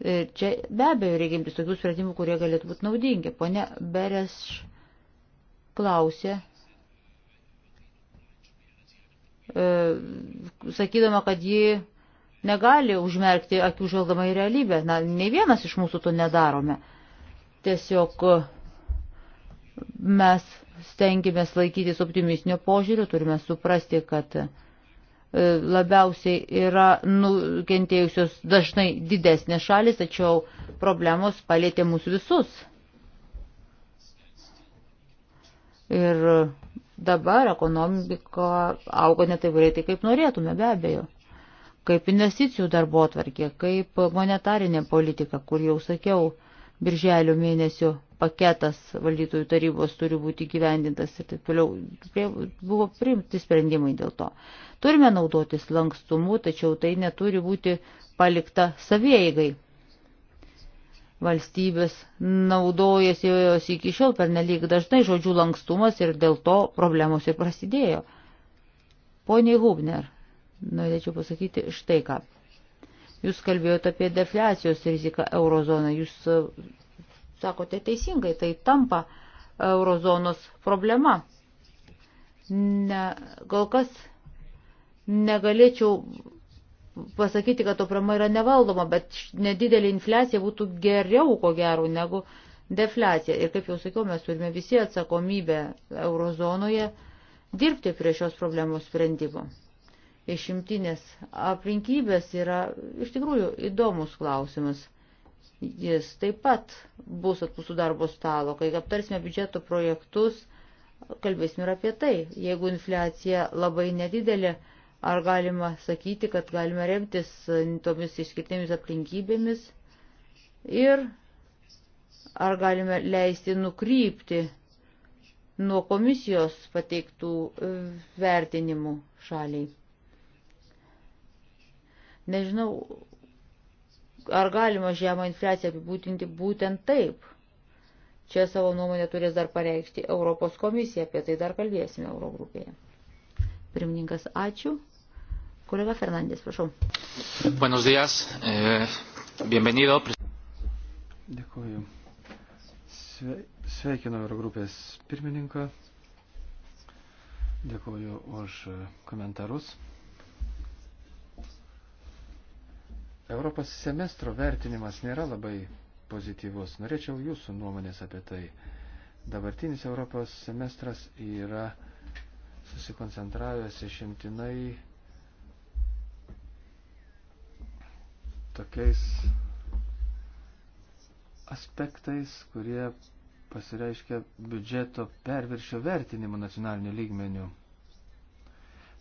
Ir čia be abejo reikia imtis tokių sprendimų, kurie galėtų būti naudingi. Pone Bereš klausė, e, sakydama, kad ji negali užmerkti akių žvelgdama į realybę. Na, ne vienas iš mūsų to nedarome. Tiesiog e, mes stengiamės laikytis optimistinio požiūrio, turime suprasti, kad e, labiausiai yra nukentėjusios dažnai didesnės šalis, tačiau problemos palėtė mūsų visus. Ir dabar ekonomika auga netai greitai, kaip norėtume, be abejo. Kaip investicijų darbo tvarkė, kaip monetarinė politika, kur jau sakiau, birželio mėnesio paketas valdytojų tarybos turi būti gyvendintas ir taip toliau. Buvo priimti sprendimai dėl to. Turime naudotis lankstumu, tačiau tai neturi būti palikta savieigai valstybės naudojasi jos iki šiol per nelik dažnai žodžių lankstumas ir dėl to problemos ir prasidėjo. Poniai Hubner, norėčiau pasakyti štai ką. Jūs kalbėjote apie defliacijos riziką eurozoną, jūs e, sakote teisingai, tai tampa eurozonos problema. Ne, kol kas negalėčiau pasakyti, kad to problema yra nevaldoma, bet nedidelė infliacija būtų geriau, ko gero, negu defliacija. Ir kaip jau sakiau, mes turime visi atsakomybę eurozonoje dirbti prie šios problemos sprendimo. Išimtinės aplinkybės yra iš tikrųjų įdomus klausimas. Jis taip pat bus ant mūsų darbo stalo, kai aptarsime biudžeto projektus, kalbėsime ir apie tai. Jeigu infliacija labai nedidelė, Ar galima sakyti, kad galime remtis e, tomis išskirtinėmis aplinkybėmis ir ar galime leisti nukrypti nuo komisijos pateiktų e, vertinimų šaliai. Nežinau, ar galima žemą infliaciją apibūtinti būtent taip. Čia savo nuomonę turės dar pareikšti Europos komisija, apie tai dar kalbėsime Eurogrupėje. Pirmininkas, ačiū. Kolega Fernandės, prašau. Buenos días. Eh, bienvenido. Dėkuoju. Sve, sveikinu Eurogrupės pirmininką. Dėkuoju už komentarus. Europos semestro vertinimas nėra labai pozityvus. Norėčiau jūsų nuomonės apie tai. Dabartinis Europos semestras yra susikoncentravęs išimtinai tokiais aspektais, kurie pasireiškia biudžeto perviršio vertinimu nacionaliniu lygmeniu.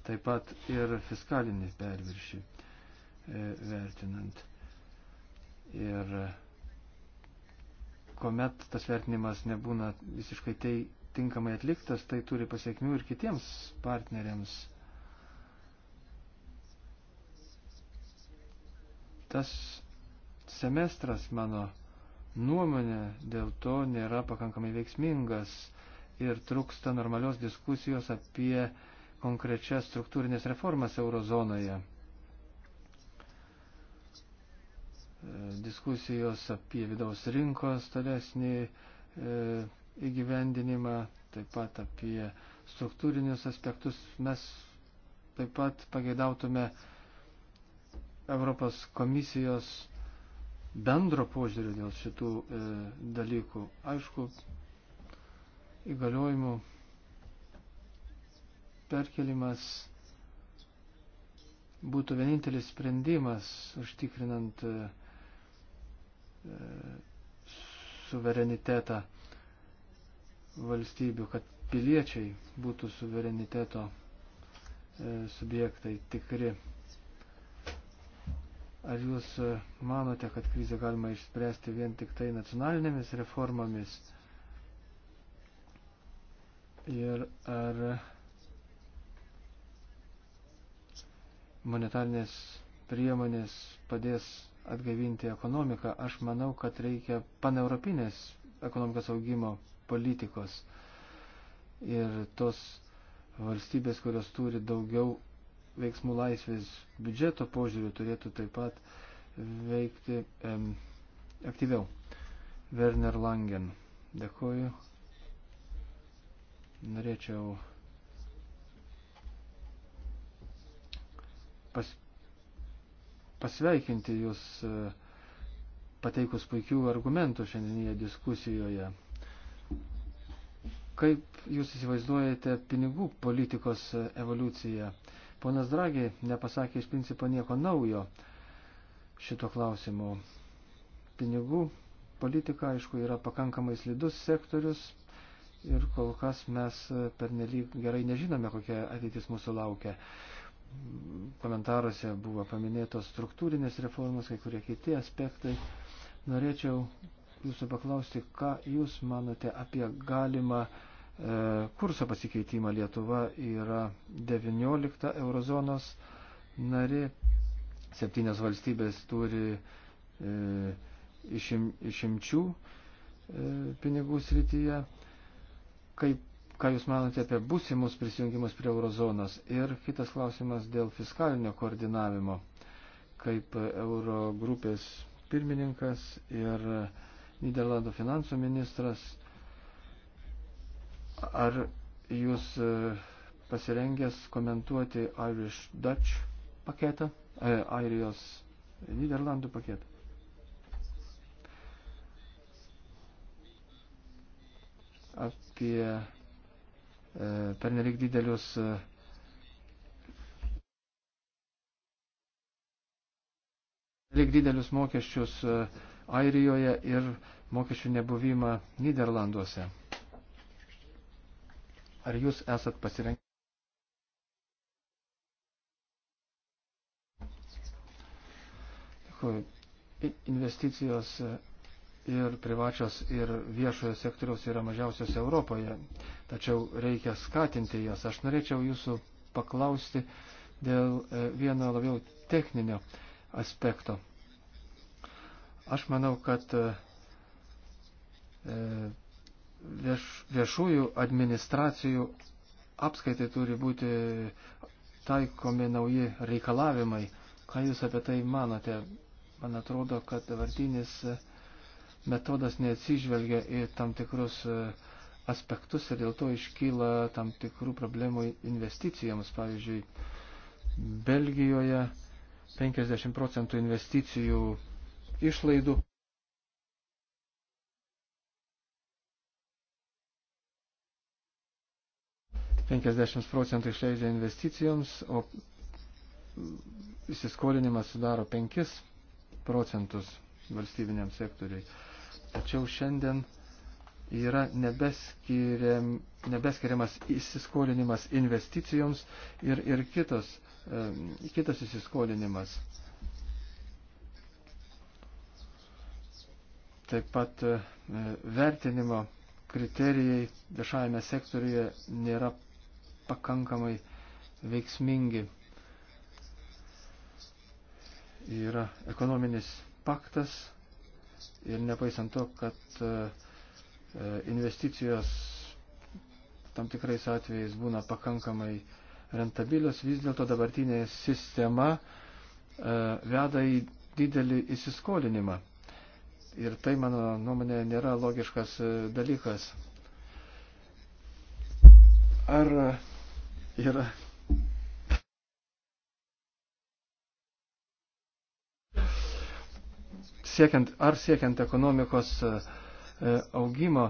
Taip pat ir fiskalinį perviršį e, vertinant. Ir kuomet tas vertinimas nebūna visiškai tei, tinkamai atliktas, tai turi pasiekmių ir kitiems partneriams. Tas semestras mano nuomonė dėl to nėra pakankamai veiksmingas ir trūksta normalios diskusijos apie konkrečias struktūrinės reformas eurozonoje. Diskusijos apie vidaus rinkos tolesnį e, įgyvendinimą, taip pat apie struktūrinius aspektus. Mes taip pat pageidautume Europos komisijos bendro požiūrio dėl šitų e, dalykų. Aišku, įgaliojimų perkelimas būtų vienintelis sprendimas užtikrinant e, e suverenitetą valstybių, kad piliečiai būtų suvereniteto e, subjektai tikri. Ar jūs e, manote, kad krizę galima išspręsti vien tik tai nacionalinėmis reformomis? Ir ar monetarnės priemonės padės atgaivinti ekonomiką? Aš manau, kad reikia paneuropinės ekonomikos augimo politikos. Ir tos valstybės, kurios turi daugiau veiksmų laisvės biudžeto požiūrių, turėtų taip pat veikti em, aktyviau. Werner Langen. Dėkuoju. Norėčiau pas, pasveikinti jūs e, pateikus puikių argumentų šiandienyje diskusijoje. Kaip jūs įsivaizduojate pinigų politikos evoliuciją? Ponas Dragi nepasakė iš principo nieko naujo šito klausimu. Pinigų politika, aišku, yra pakankamai slidus sektorius ir kol kas mes pernelyg gerai nežinome, kokia ateitis mūsų laukia. Komentaruose buvo paminėtos struktūrinės reformos, kai kurie kiti aspektai. Norėčiau jūsų paklausti, ką jūs manote apie galimą e, kurso pasikeitimą. Lietuva yra 19 eurozonos nari, septynios valstybės turi e, išim, išimčių e, pinigų srityje. Kaip, ką Jūs manote apie būsimus prisijungimus prie eurozonos? Ir kitas klausimas dėl fiskalinio koordinavimo. Kaip euro grupės pirmininkas ir Niderlandų finansų ministras. Ar jūs e, pasirengęs komentuoti Irish Dutch paketą, e, Airijos Niderlandų paketą? Apie e, pernelik didelius e, lyg didelius mokesčius e, Airijoje ir mokesčių nebuvimą Niderlanduose. Ar jūs esat pasirengę? Investicijos e, ir privačios ir viešojo sektoriaus yra mažiausios Europoje, tačiau reikia skatinti jas. Aš norėčiau jūsų paklausti dėl e, vieno labiau techninio aspekto. Aš manau, kad e, e, vieš, viešųjų administracijų apskaitai turi būti taikomi nauji reikalavimai. Ką Jūs apie tai manote? Man atrodo, kad dabartinis e, metodas neatsižvelgia į tam tikrus aspektus ir dėl to iškyla tam tikrų problemų investicijoms. Pavyzdžiui, Belgijoje 50 procentų investicijų išlaidų. Penkiasdešimt procentų išleidžia investicijoms, o įsiskolinimas sudaro 5 procentus valstybiniam sektoriui. Tačiau šiandien yra nebeskiriam, nebeskiriamas įsiskolinimas investicijoms ir, ir kitos, e, kitas įsiskolinimas. E, Taip pat e, vertinimo kriterijai viešajame sektoriuje nėra pakankamai veiksmingi. Yra ekonominis paktas ir nepaisant to, kad e, e, investicijos tam tikrais atvejais būna pakankamai rentabilios, vis dėlto dabartinė sistema veda į didelį įsiskolinimą Ir tai, mano nuomonė, nėra logiškas e, dalykas. Ar yra. Siekiant, ar siekiant ekonomikos e, e, augimo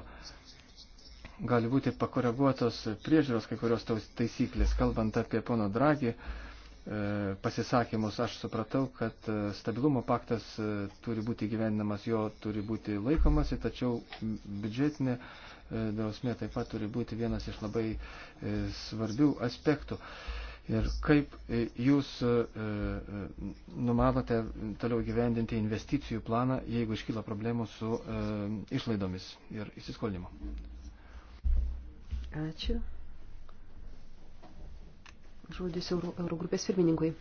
gali būti pakoreguotos priežiūros kai kurios taisyklės, kalbant apie pono Dragį, E, pasisakymus aš supratau, kad e, stabilumo paktas e, turi būti gyvenimas, jo turi būti laikomasi, tačiau biudžetinė drausmė taip pat turi būti vienas iš labai svarbių aspektų. Ir kaip jūs numatote toliau gyvendinti investicijų planą, jeigu iškyla problemų su išlaidomis ir įsiskolinimu? Ačiū. Žodis Eurogrupės pirmininkui.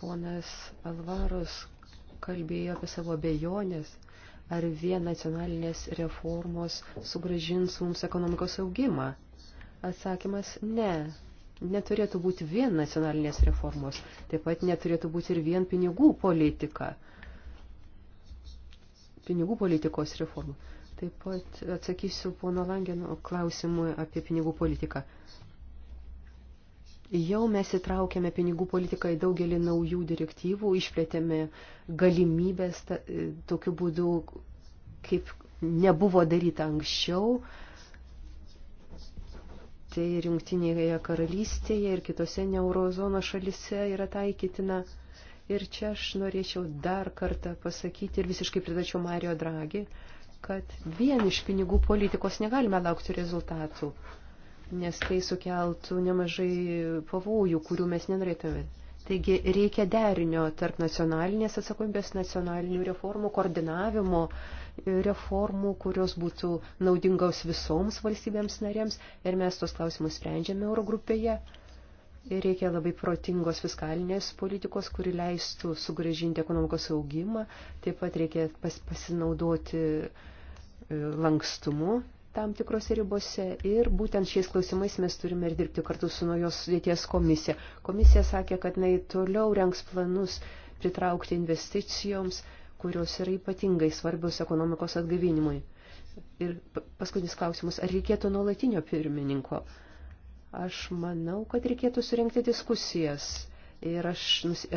Ponas Alvaros kalbėjo apie savo bejonės, ar vien nacionalinės reformos sugražins mums ekonomikos augimą. Atsakymas – ne. Neturėtų būti vien nacionalinės reformos, taip pat neturėtų būti ir vien pinigų politika. Pinigų politikos reformų. Taip pat atsakysiu pono Langeno klausimui apie pinigų politiką. Jau mes įtraukėme pinigų politiką į daugelį naujų direktyvų, išplėtėme galimybės ta, e, tokiu būdu, kaip nebuvo daryta anksčiau. Tai ir jungtinėje karalystėje, ir kitose neurozono šalise yra taikytina. Ir čia aš norėčiau dar kartą pasakyti ir visiškai pridačiau Mario Dragi, kad vien iš pinigų politikos negalime laukti rezultatų nes tai sukeltų nemažai pavojų, kurių mes nenorėtume. Taigi reikia derinio tarp nacionalinės atsakomybės, nacionalinių reformų, koordinavimo reformų, kurios būtų naudingaus visoms valstybėms narėms ir mes tos klausimus sprendžiame Eurogrupėje. Ir reikia labai protingos fiskalinės politikos, kuri leistų sugražinti ekonomikos augimą. Taip pat reikia pas, pasinaudoti e, lankstumu tam tikrose ribose ir būtent šiais klausimais mes turime ir dirbti kartu su naujos sudėties komisija. Komisija sakė, kad jinai toliau renks planus pritraukti investicijoms, kurios yra ypatingai svarbios ekonomikos atgavinimui. Ir paskutinis klausimas, ar reikėtų nuolatinio pirmininko? Aš manau, kad reikėtų surinkti diskusijas ir aš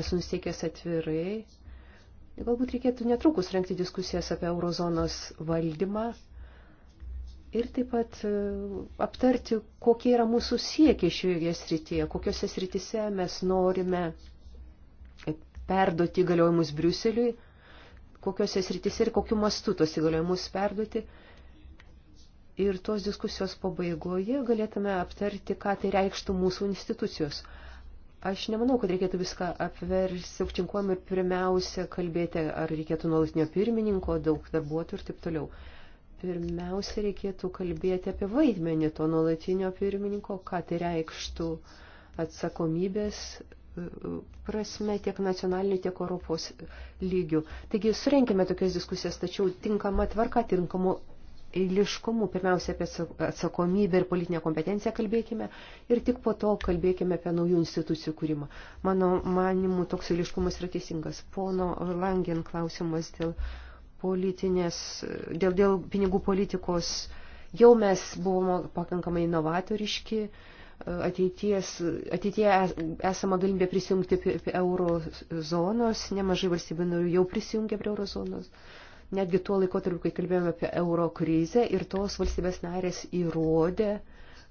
esu nusteikęs atvirai. Galbūt reikėtų netrukus rengti diskusijas apie eurozonos valdymą ir taip pat e, aptarti, kokie yra mūsų siekiai šioje srityje, kokiuose srityse mes norime perduoti įgaliojimus Briuseliui, kokiuose srityse ir kokiu mastu tos įgaliojimus perduoti. Ir tos diskusijos pabaigoje galėtume aptarti, ką tai reikštų mūsų institucijos. Aš nemanau, kad reikėtų viską apversti aukčinkuojam ir pirmiausia kalbėti, ar reikėtų nuolatinio pirmininko, daug darbuotojų ir taip toliau pirmiausia reikėtų kalbėti apie vaidmenį to nuolatinio pirmininko, ką tai reikštų atsakomybės e, prasme tiek nacionaliniu, tiek Europos lygiu. Taigi surenkime tokias diskusijas, tačiau tinkama tvarka, tinkamu eiliškumu, pirmiausia apie atsakomybę ir politinę kompetenciją kalbėkime ir tik po to kalbėkime apie naujų institucijų kūrimą. Mano manimu, toks eiliškumas yra teisingas. Pono Langen klausimas dėl politinės, dėl, dėl pinigų politikos jau mes buvome pakankamai inovatoriški, ateities, ateitie esama galimybė prisijungti prie euro zonos, nemažai valstybių narių jau prisijungė prie euro zonos. Netgi tuo laikotarpiu, kai kalbėjome apie euro krizę ir tos valstybės narės įrodė,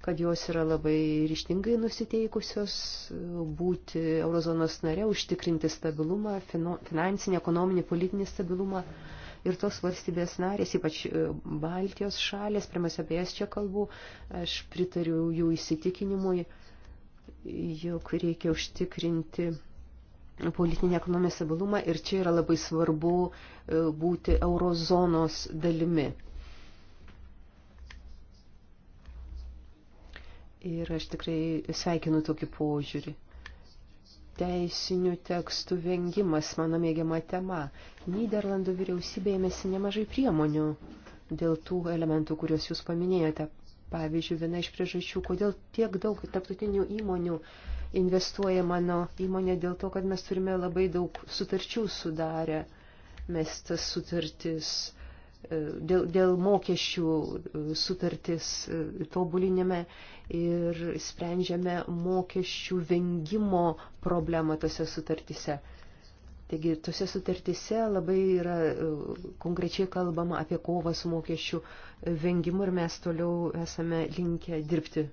kad jos yra labai ryštingai nusiteikusios būti eurozonos nare, užtikrinti stabilumą, finansinį, ekonominį, politinį stabilumą. Mm ir tos valstybės narės, ypač e, Baltijos šalės, pirmas apie jas čia kalbu, aš pritariu jų įsitikinimui, jog reikia užtikrinti politinį ekonominį stabilumą ir čia yra labai svarbu e, būti eurozonos dalimi. Ir aš tikrai sveikinu tokį požiūrį teisinių tekstų vengimas, mano mėgiama tema. Niderlandų vyriausybė ėmėsi nemažai priemonių dėl tų elementų, kuriuos jūs paminėjote. Pavyzdžiui, viena iš priežasčių, kodėl tiek daug tarptautinių įmonių investuoja mano įmonė dėl to, kad mes turime labai daug sutarčių sudarę. Mes tas sutartis e, dėl, dėl mokesčių e, sutartis e, tobulinėme ir sprendžiame mokesčių vengimo problemą tose sutartise. Taigi, tose sutartise labai yra e, konkrečiai kalbama apie kovą su mokesčių e, vengimu ir mes toliau esame linkę dirbti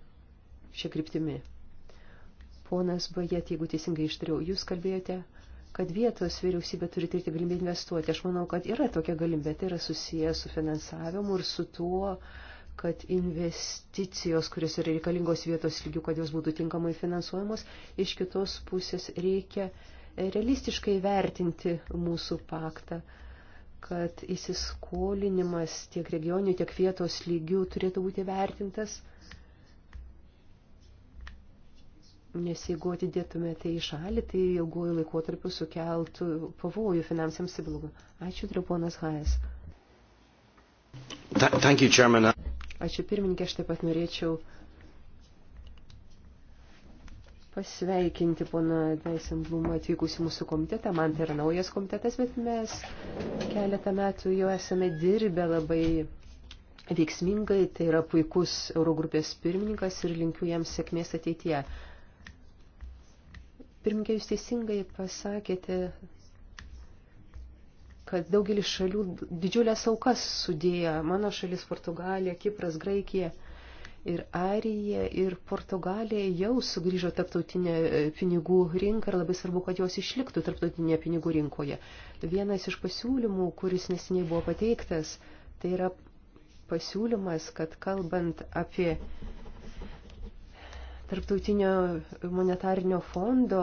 šią kryptimį. Ponas Bajet, jeigu teisingai ištariau, jūs kalbėjote kad vietos vyriausybė turi turėti galimybę investuoti. Aš manau, kad yra tokia galimybė, tai yra susijęs su finansavimu ir su tuo, uh, kad investicijos, kurios yra reikalingos vietos lygių, kad jos būtų tinkamai finansuojamos, iš kitos pusės reikia realistiškai vertinti mūsų paktą, kad įsiskolinimas tiek regionių, tiek vietos lygių turėtų būti vertintas, nes jeigu atidėtume tai į šalį, tai ilguoju laikotarpiu sukeltų pavojų finansiams stabilumą. Ačiū, Draponas Haes. Thank you, Chairman. Ačiū pirmininkė, aš taip pat norėčiau pasveikinti poną Teisinblumą atvykusi mūsų komitetą. Man tai yra naujas komitetas, bet mes keletą metų jau esame dirbę labai veiksmingai. Tai yra puikus Eurogrupės pirmininkas ir linkiu jam sėkmės ateityje. Pirmininkė, jūs teisingai pasakėte kad daugelis šalių didžiulės aukas sudėjo. Mano šalis Portugalija, Kipras, Graikija ir Airija ir Portugalija jau sugrįžo tarptautinę e, pinigų rinką ir labai svarbu, kad jos išliktų tarptautinėje pinigų rinkoje. Vienas iš pasiūlymų, kuris nesiniai buvo pateiktas, tai yra pasiūlymas, kad kalbant apie tarptautinio monetarinio fondo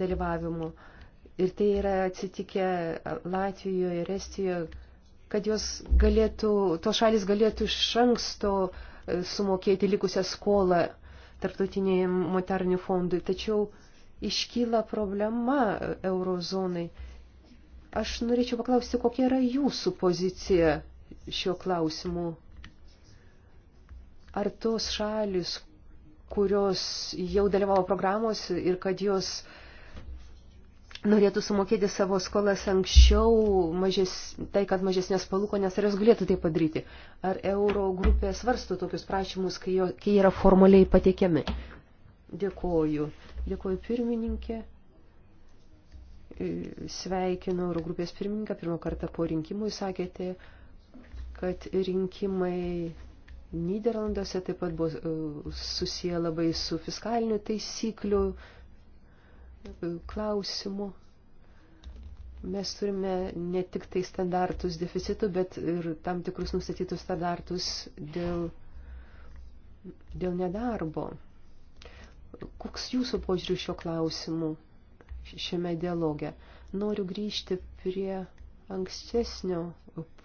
dalyvavimo, Ir tai yra atsitikę Latvijoje ir Estijoje, kad jos galėtų, tos šalis galėtų iš anksto e, sumokėti likusią skolą tarptautinėjim monetarinių fondui. Tačiau iškyla problema e, eurozonai. Aš norėčiau paklausti, kokia yra jūsų pozicija šiuo klausimu. Ar tos šalis, kurios jau dalyvavo programos ir kad jos uh, norėtų sumokėti savo skolas anksčiau, mažes, tai, kad mažesnės palūkonės, ar jos galėtų tai padaryti? Ar euro grupė svarsto tokius prašymus, kai, jo, kai yra formaliai patiekiami? Dėkoju. Dėkoju pirmininkė. E, sveikinu euro grupės pirmininką. Pirmą kartą po rinkimų sakėte, kad rinkimai Niderlanduose taip pat buvo e, susiję labai su fiskaliniu taisykliu klausimų. Mes turime ne tik tai standartus deficitų, bet ir tam tikrus nustatytus standartus dėl, dėl nedarbo. Koks jūsų požiūrių šio klausimu šiame dialoge? Noriu grįžti prie ankstesnio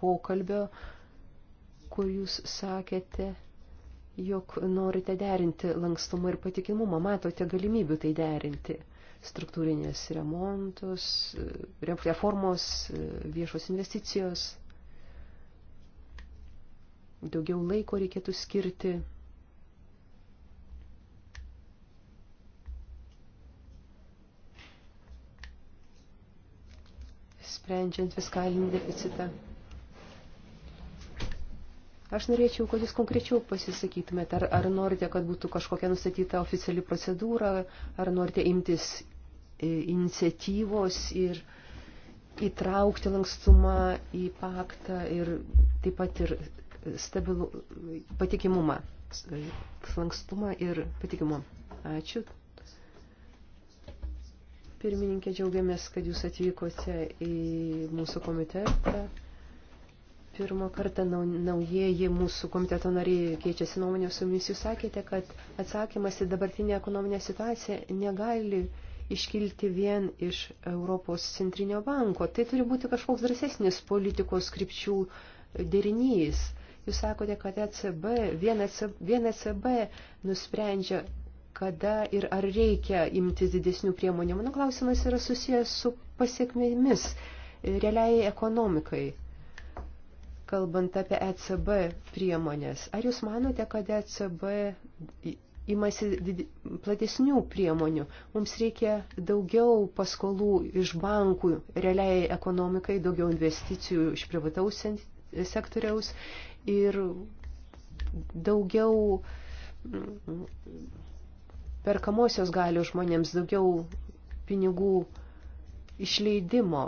pokalbio, kur jūs sakėte, jog norite derinti lankstumą ir patikimumą, matote galimybių tai derinti struktūrinės remontus, e, reformos, e, viešos investicijos. Daugiau laiko reikėtų skirti sprendžiant fiskalinį deficitą. Aš norėčiau, kad jūs konkrečiau pasisakytumėte, ar, ar norite, kad būtų kažkokia nustatyta oficiali procedūra, ar norite imtis e, iniciatyvos ir įtraukti lankstumą į paktą ir taip pat ir stabilų, patikimumą. Lankstumą ir patikimumą. Ačiū. Pirmininkė, džiaugiamės, kad jūs atvykote į mūsų komitetą pirmą kartą naujieji mūsų komiteto nariai keičiasi nuomonė su jumis. Jūs sakėte, kad atsakymas į dabartinę ekonominę situaciją negali iškilti vien iš Europos centrinio banko. Tai turi būti kažkoks drąsesnis politikos skripčių derinys. Jūs sakote, kad ECB, vien ECB, vien ECB nusprendžia, kada ir ar reikia imtis didesnių priemonių. Mano klausimas yra susijęs su pasiekmėmis realiai ekonomikai kalbant apie ECB priemonės. Ar jūs manote, kad ECB imasi platesnių priemonių? Mums reikia daugiau paskolų iš bankų realiai ekonomikai, daugiau investicijų iš privataus sektoriaus ir daugiau mm, perkamosios galios žmonėms, daugiau pinigų išleidimo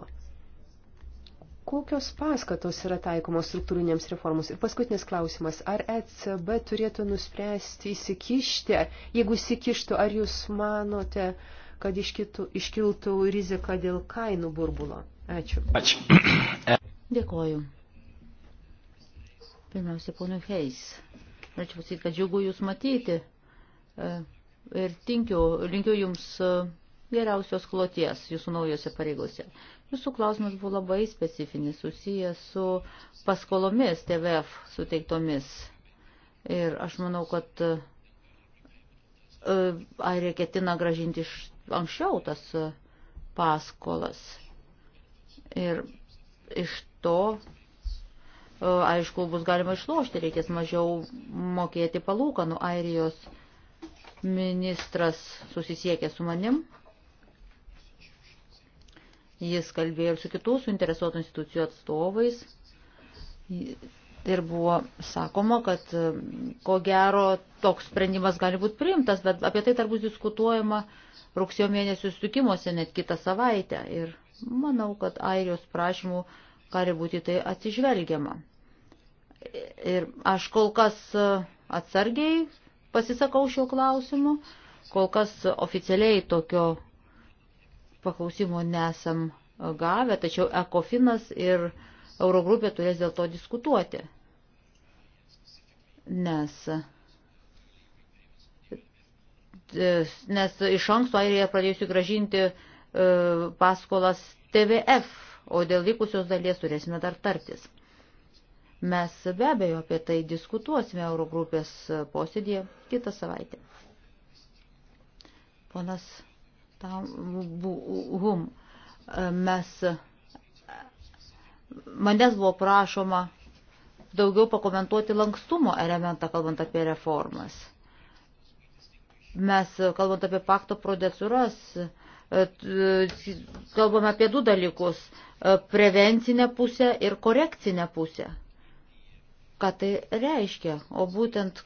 kokios paskatos yra taikomos struktūrinėms reformos? Ir paskutinis klausimas, ar ECB turėtų nuspręsti įsikišti, jeigu įsikištų, ar jūs manote, kad iškitų, iškiltų rizika dėl kainų burbulo? Ačiū. Ačiū. Dėkoju. Pirmiausia, ponui Heis. Norėčiau pasakyti, kad džiugu jūs matyti e, ir tinkiu, linkiu jums e, geriausios kloties jūsų naujose pareigose. Jūsų klausimas buvo labai specifinis, susijęs su paskolomis TVF suteiktomis. Ir aš manau, kad uh, e, Airija ketina gražinti iš anksčiau tas e, paskolas. Ir iš to, uh, aišku, bus galima išlošti, reikės mažiau mokėti palūkanų. Airijos ministras susisiekė su manim Jis kalbėjo ir su kitų suinteresuotų institucijų atstovais. Ir buvo sakoma, kad mm, ko gero toks sprendimas gali būti priimtas, bet apie tai dar bus diskutuojama rugsėjo mėnesių sutikimuose net kitą savaitę. Ir manau, kad airijos prašymų gali būti tai atsižvelgiama. Ir aš kol kas e, atsargiai pasisakau šio klausimu, kol kas oficialiai tokio paklausimų nesam gavę, tačiau Ekofinas ir Eurogrupė turės dėl to diskutuoti. Nes, nes iš anksto Airija pradėjusi gražinti e, paskolas TVF, o dėl likusios dalies turėsime dar tartis. Mes be abejo apie tai diskutuosime Eurogrupės posėdėje kitą savaitę. Ponas hum. Mes, manęs buvo prašoma daugiau pakomentuoti lankstumo elementą, kalbant apie reformas. Mes, kalbant apie pakto prodecūras, kalbame apie du dalykus - prevencinę pusę ir korekcinę pusę. Ką tai reiškia? O būtent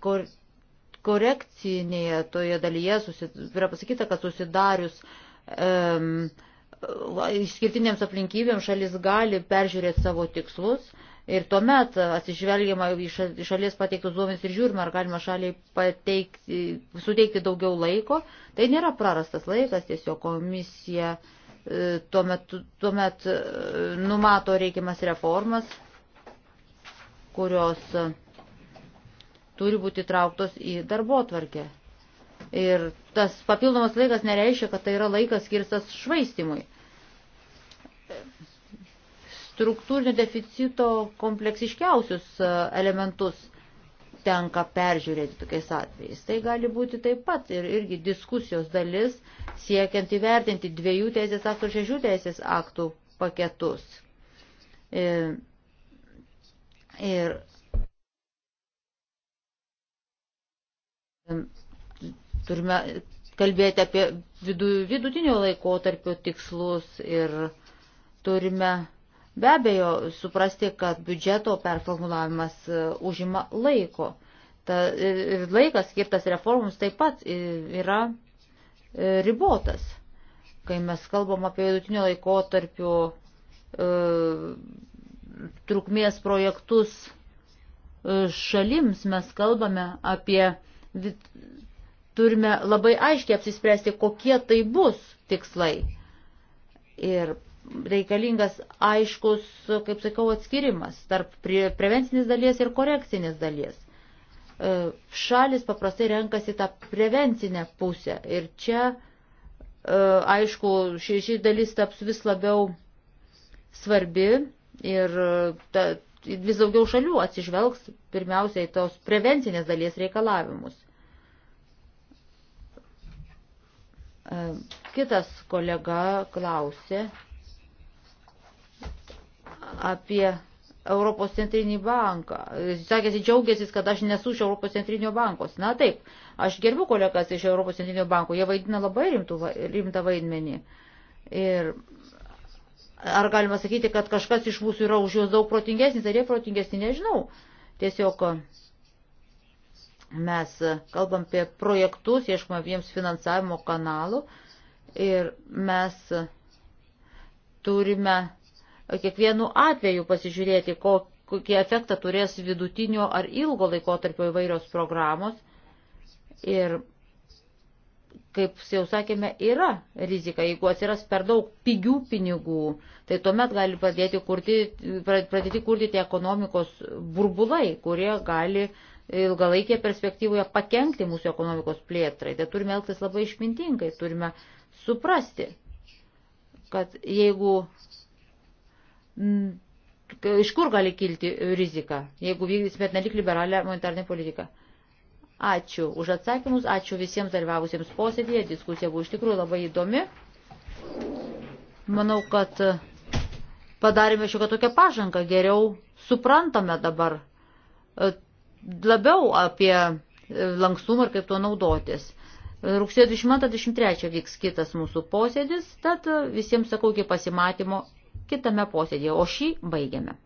korekcinėje toje dalyje susid... yra pasakyta, kad susidarius um, išskirtinėms aplinkybėms šalis gali peržiūrėti savo tikslus ir tuomet atsižvelgiama į šalies pateiktus duomenys ir žiūrima, ar galima šaliai pateikti, suteikti daugiau laiko. Tai nėra prarastas laikas, tiesiog komisija e, tuomet, tuomet numato reikiamas reformas, kurios turi būti trauktos į darbo tvarkę. Ir tas papildomas laikas nereiškia, kad tai yra laikas skirstas švaistimui. Struktūrinio deficito kompleksiškiausius e, elementus tenka peržiūrėti tokiais atvejais. Tai gali būti taip pat ir irgi diskusijos dalis, siekiant įvertinti dviejų teisės aktų ir šešių teisės aktų paketus. E, ir, ir Turime kalbėti apie vidu, vidutinio laiko tarpio tikslus ir turime be abejo suprasti, kad biudžeto performulavimas e, užima laiko. Ta, e, ir laikas skirtas reformoms taip pat yra e, ribotas. Kai mes kalbam apie vidutinio laiko tarpio e, trukmės projektus šalims, mes kalbame apie turime labai aiškiai apsispręsti, kokie tai bus tikslai. Ir reikalingas aiškus, kaip sakiau, atskirimas tarp prevencinės dalies ir korekcinės dalies. E, šalis paprastai renkasi tą prevencinę pusę ir čia, e, aišku, ši, ši dalis taps vis labiau svarbi ir e, ta, vis daugiau šalių atsižvelgs pirmiausiai tos prevencinės dalies reikalavimus. E, kitas kolega klausė apie Europos centrinį banką. Sakėsi, džiaugiasi, kad aš nesu iš Europos centrinio bankos. Na taip, aš gerbiu kolegas iš Europos centrinio banko, jie vaidina labai rimtų, rimtą vaidmenį. Ir ar galima sakyti, kad kažkas iš mūsų yra už juos daug protingesnis, ar jie protingesni, nežinau. Tiesiog Mes kalbam apie projektus, ieškome jiems finansavimo kanalų ir mes turime kiekvienu atveju pasižiūrėti, kokį efektą turės vidutinio ar ilgo laikotarpio įvairios programos. Ir kaip jau sakėme, yra rizika. Jeigu atsiras per daug pigių pinigų, tai tuomet gali pradėti kurti, pradėti kurti tie ekonomikos burbulai, kurie gali ilgalaikėje perspektyvoje pakengti mūsų ekonomikos plėtrai. Tai turime elgtis labai išmintingai, turime suprasti, kad jeigu mm, iš kur gali kilti rizika, jeigu vykdysime nelik liberalią monetarinę politiką. Ačiū už atsakymus, ačiū visiems dalyvavusiems posėdėje, diskusija buvo iš tikrųjų labai įdomi. Manau, kad padarėme šiokią tokią pažangą, geriau suprantame dabar e, labiau apie e, lankstumą ir kaip tuo naudotis. Rugsėjo 22-23 vyks kitas mūsų posėdis, tad visiems sakau iki pasimatymo kitame posėdėje, o šį baigiame.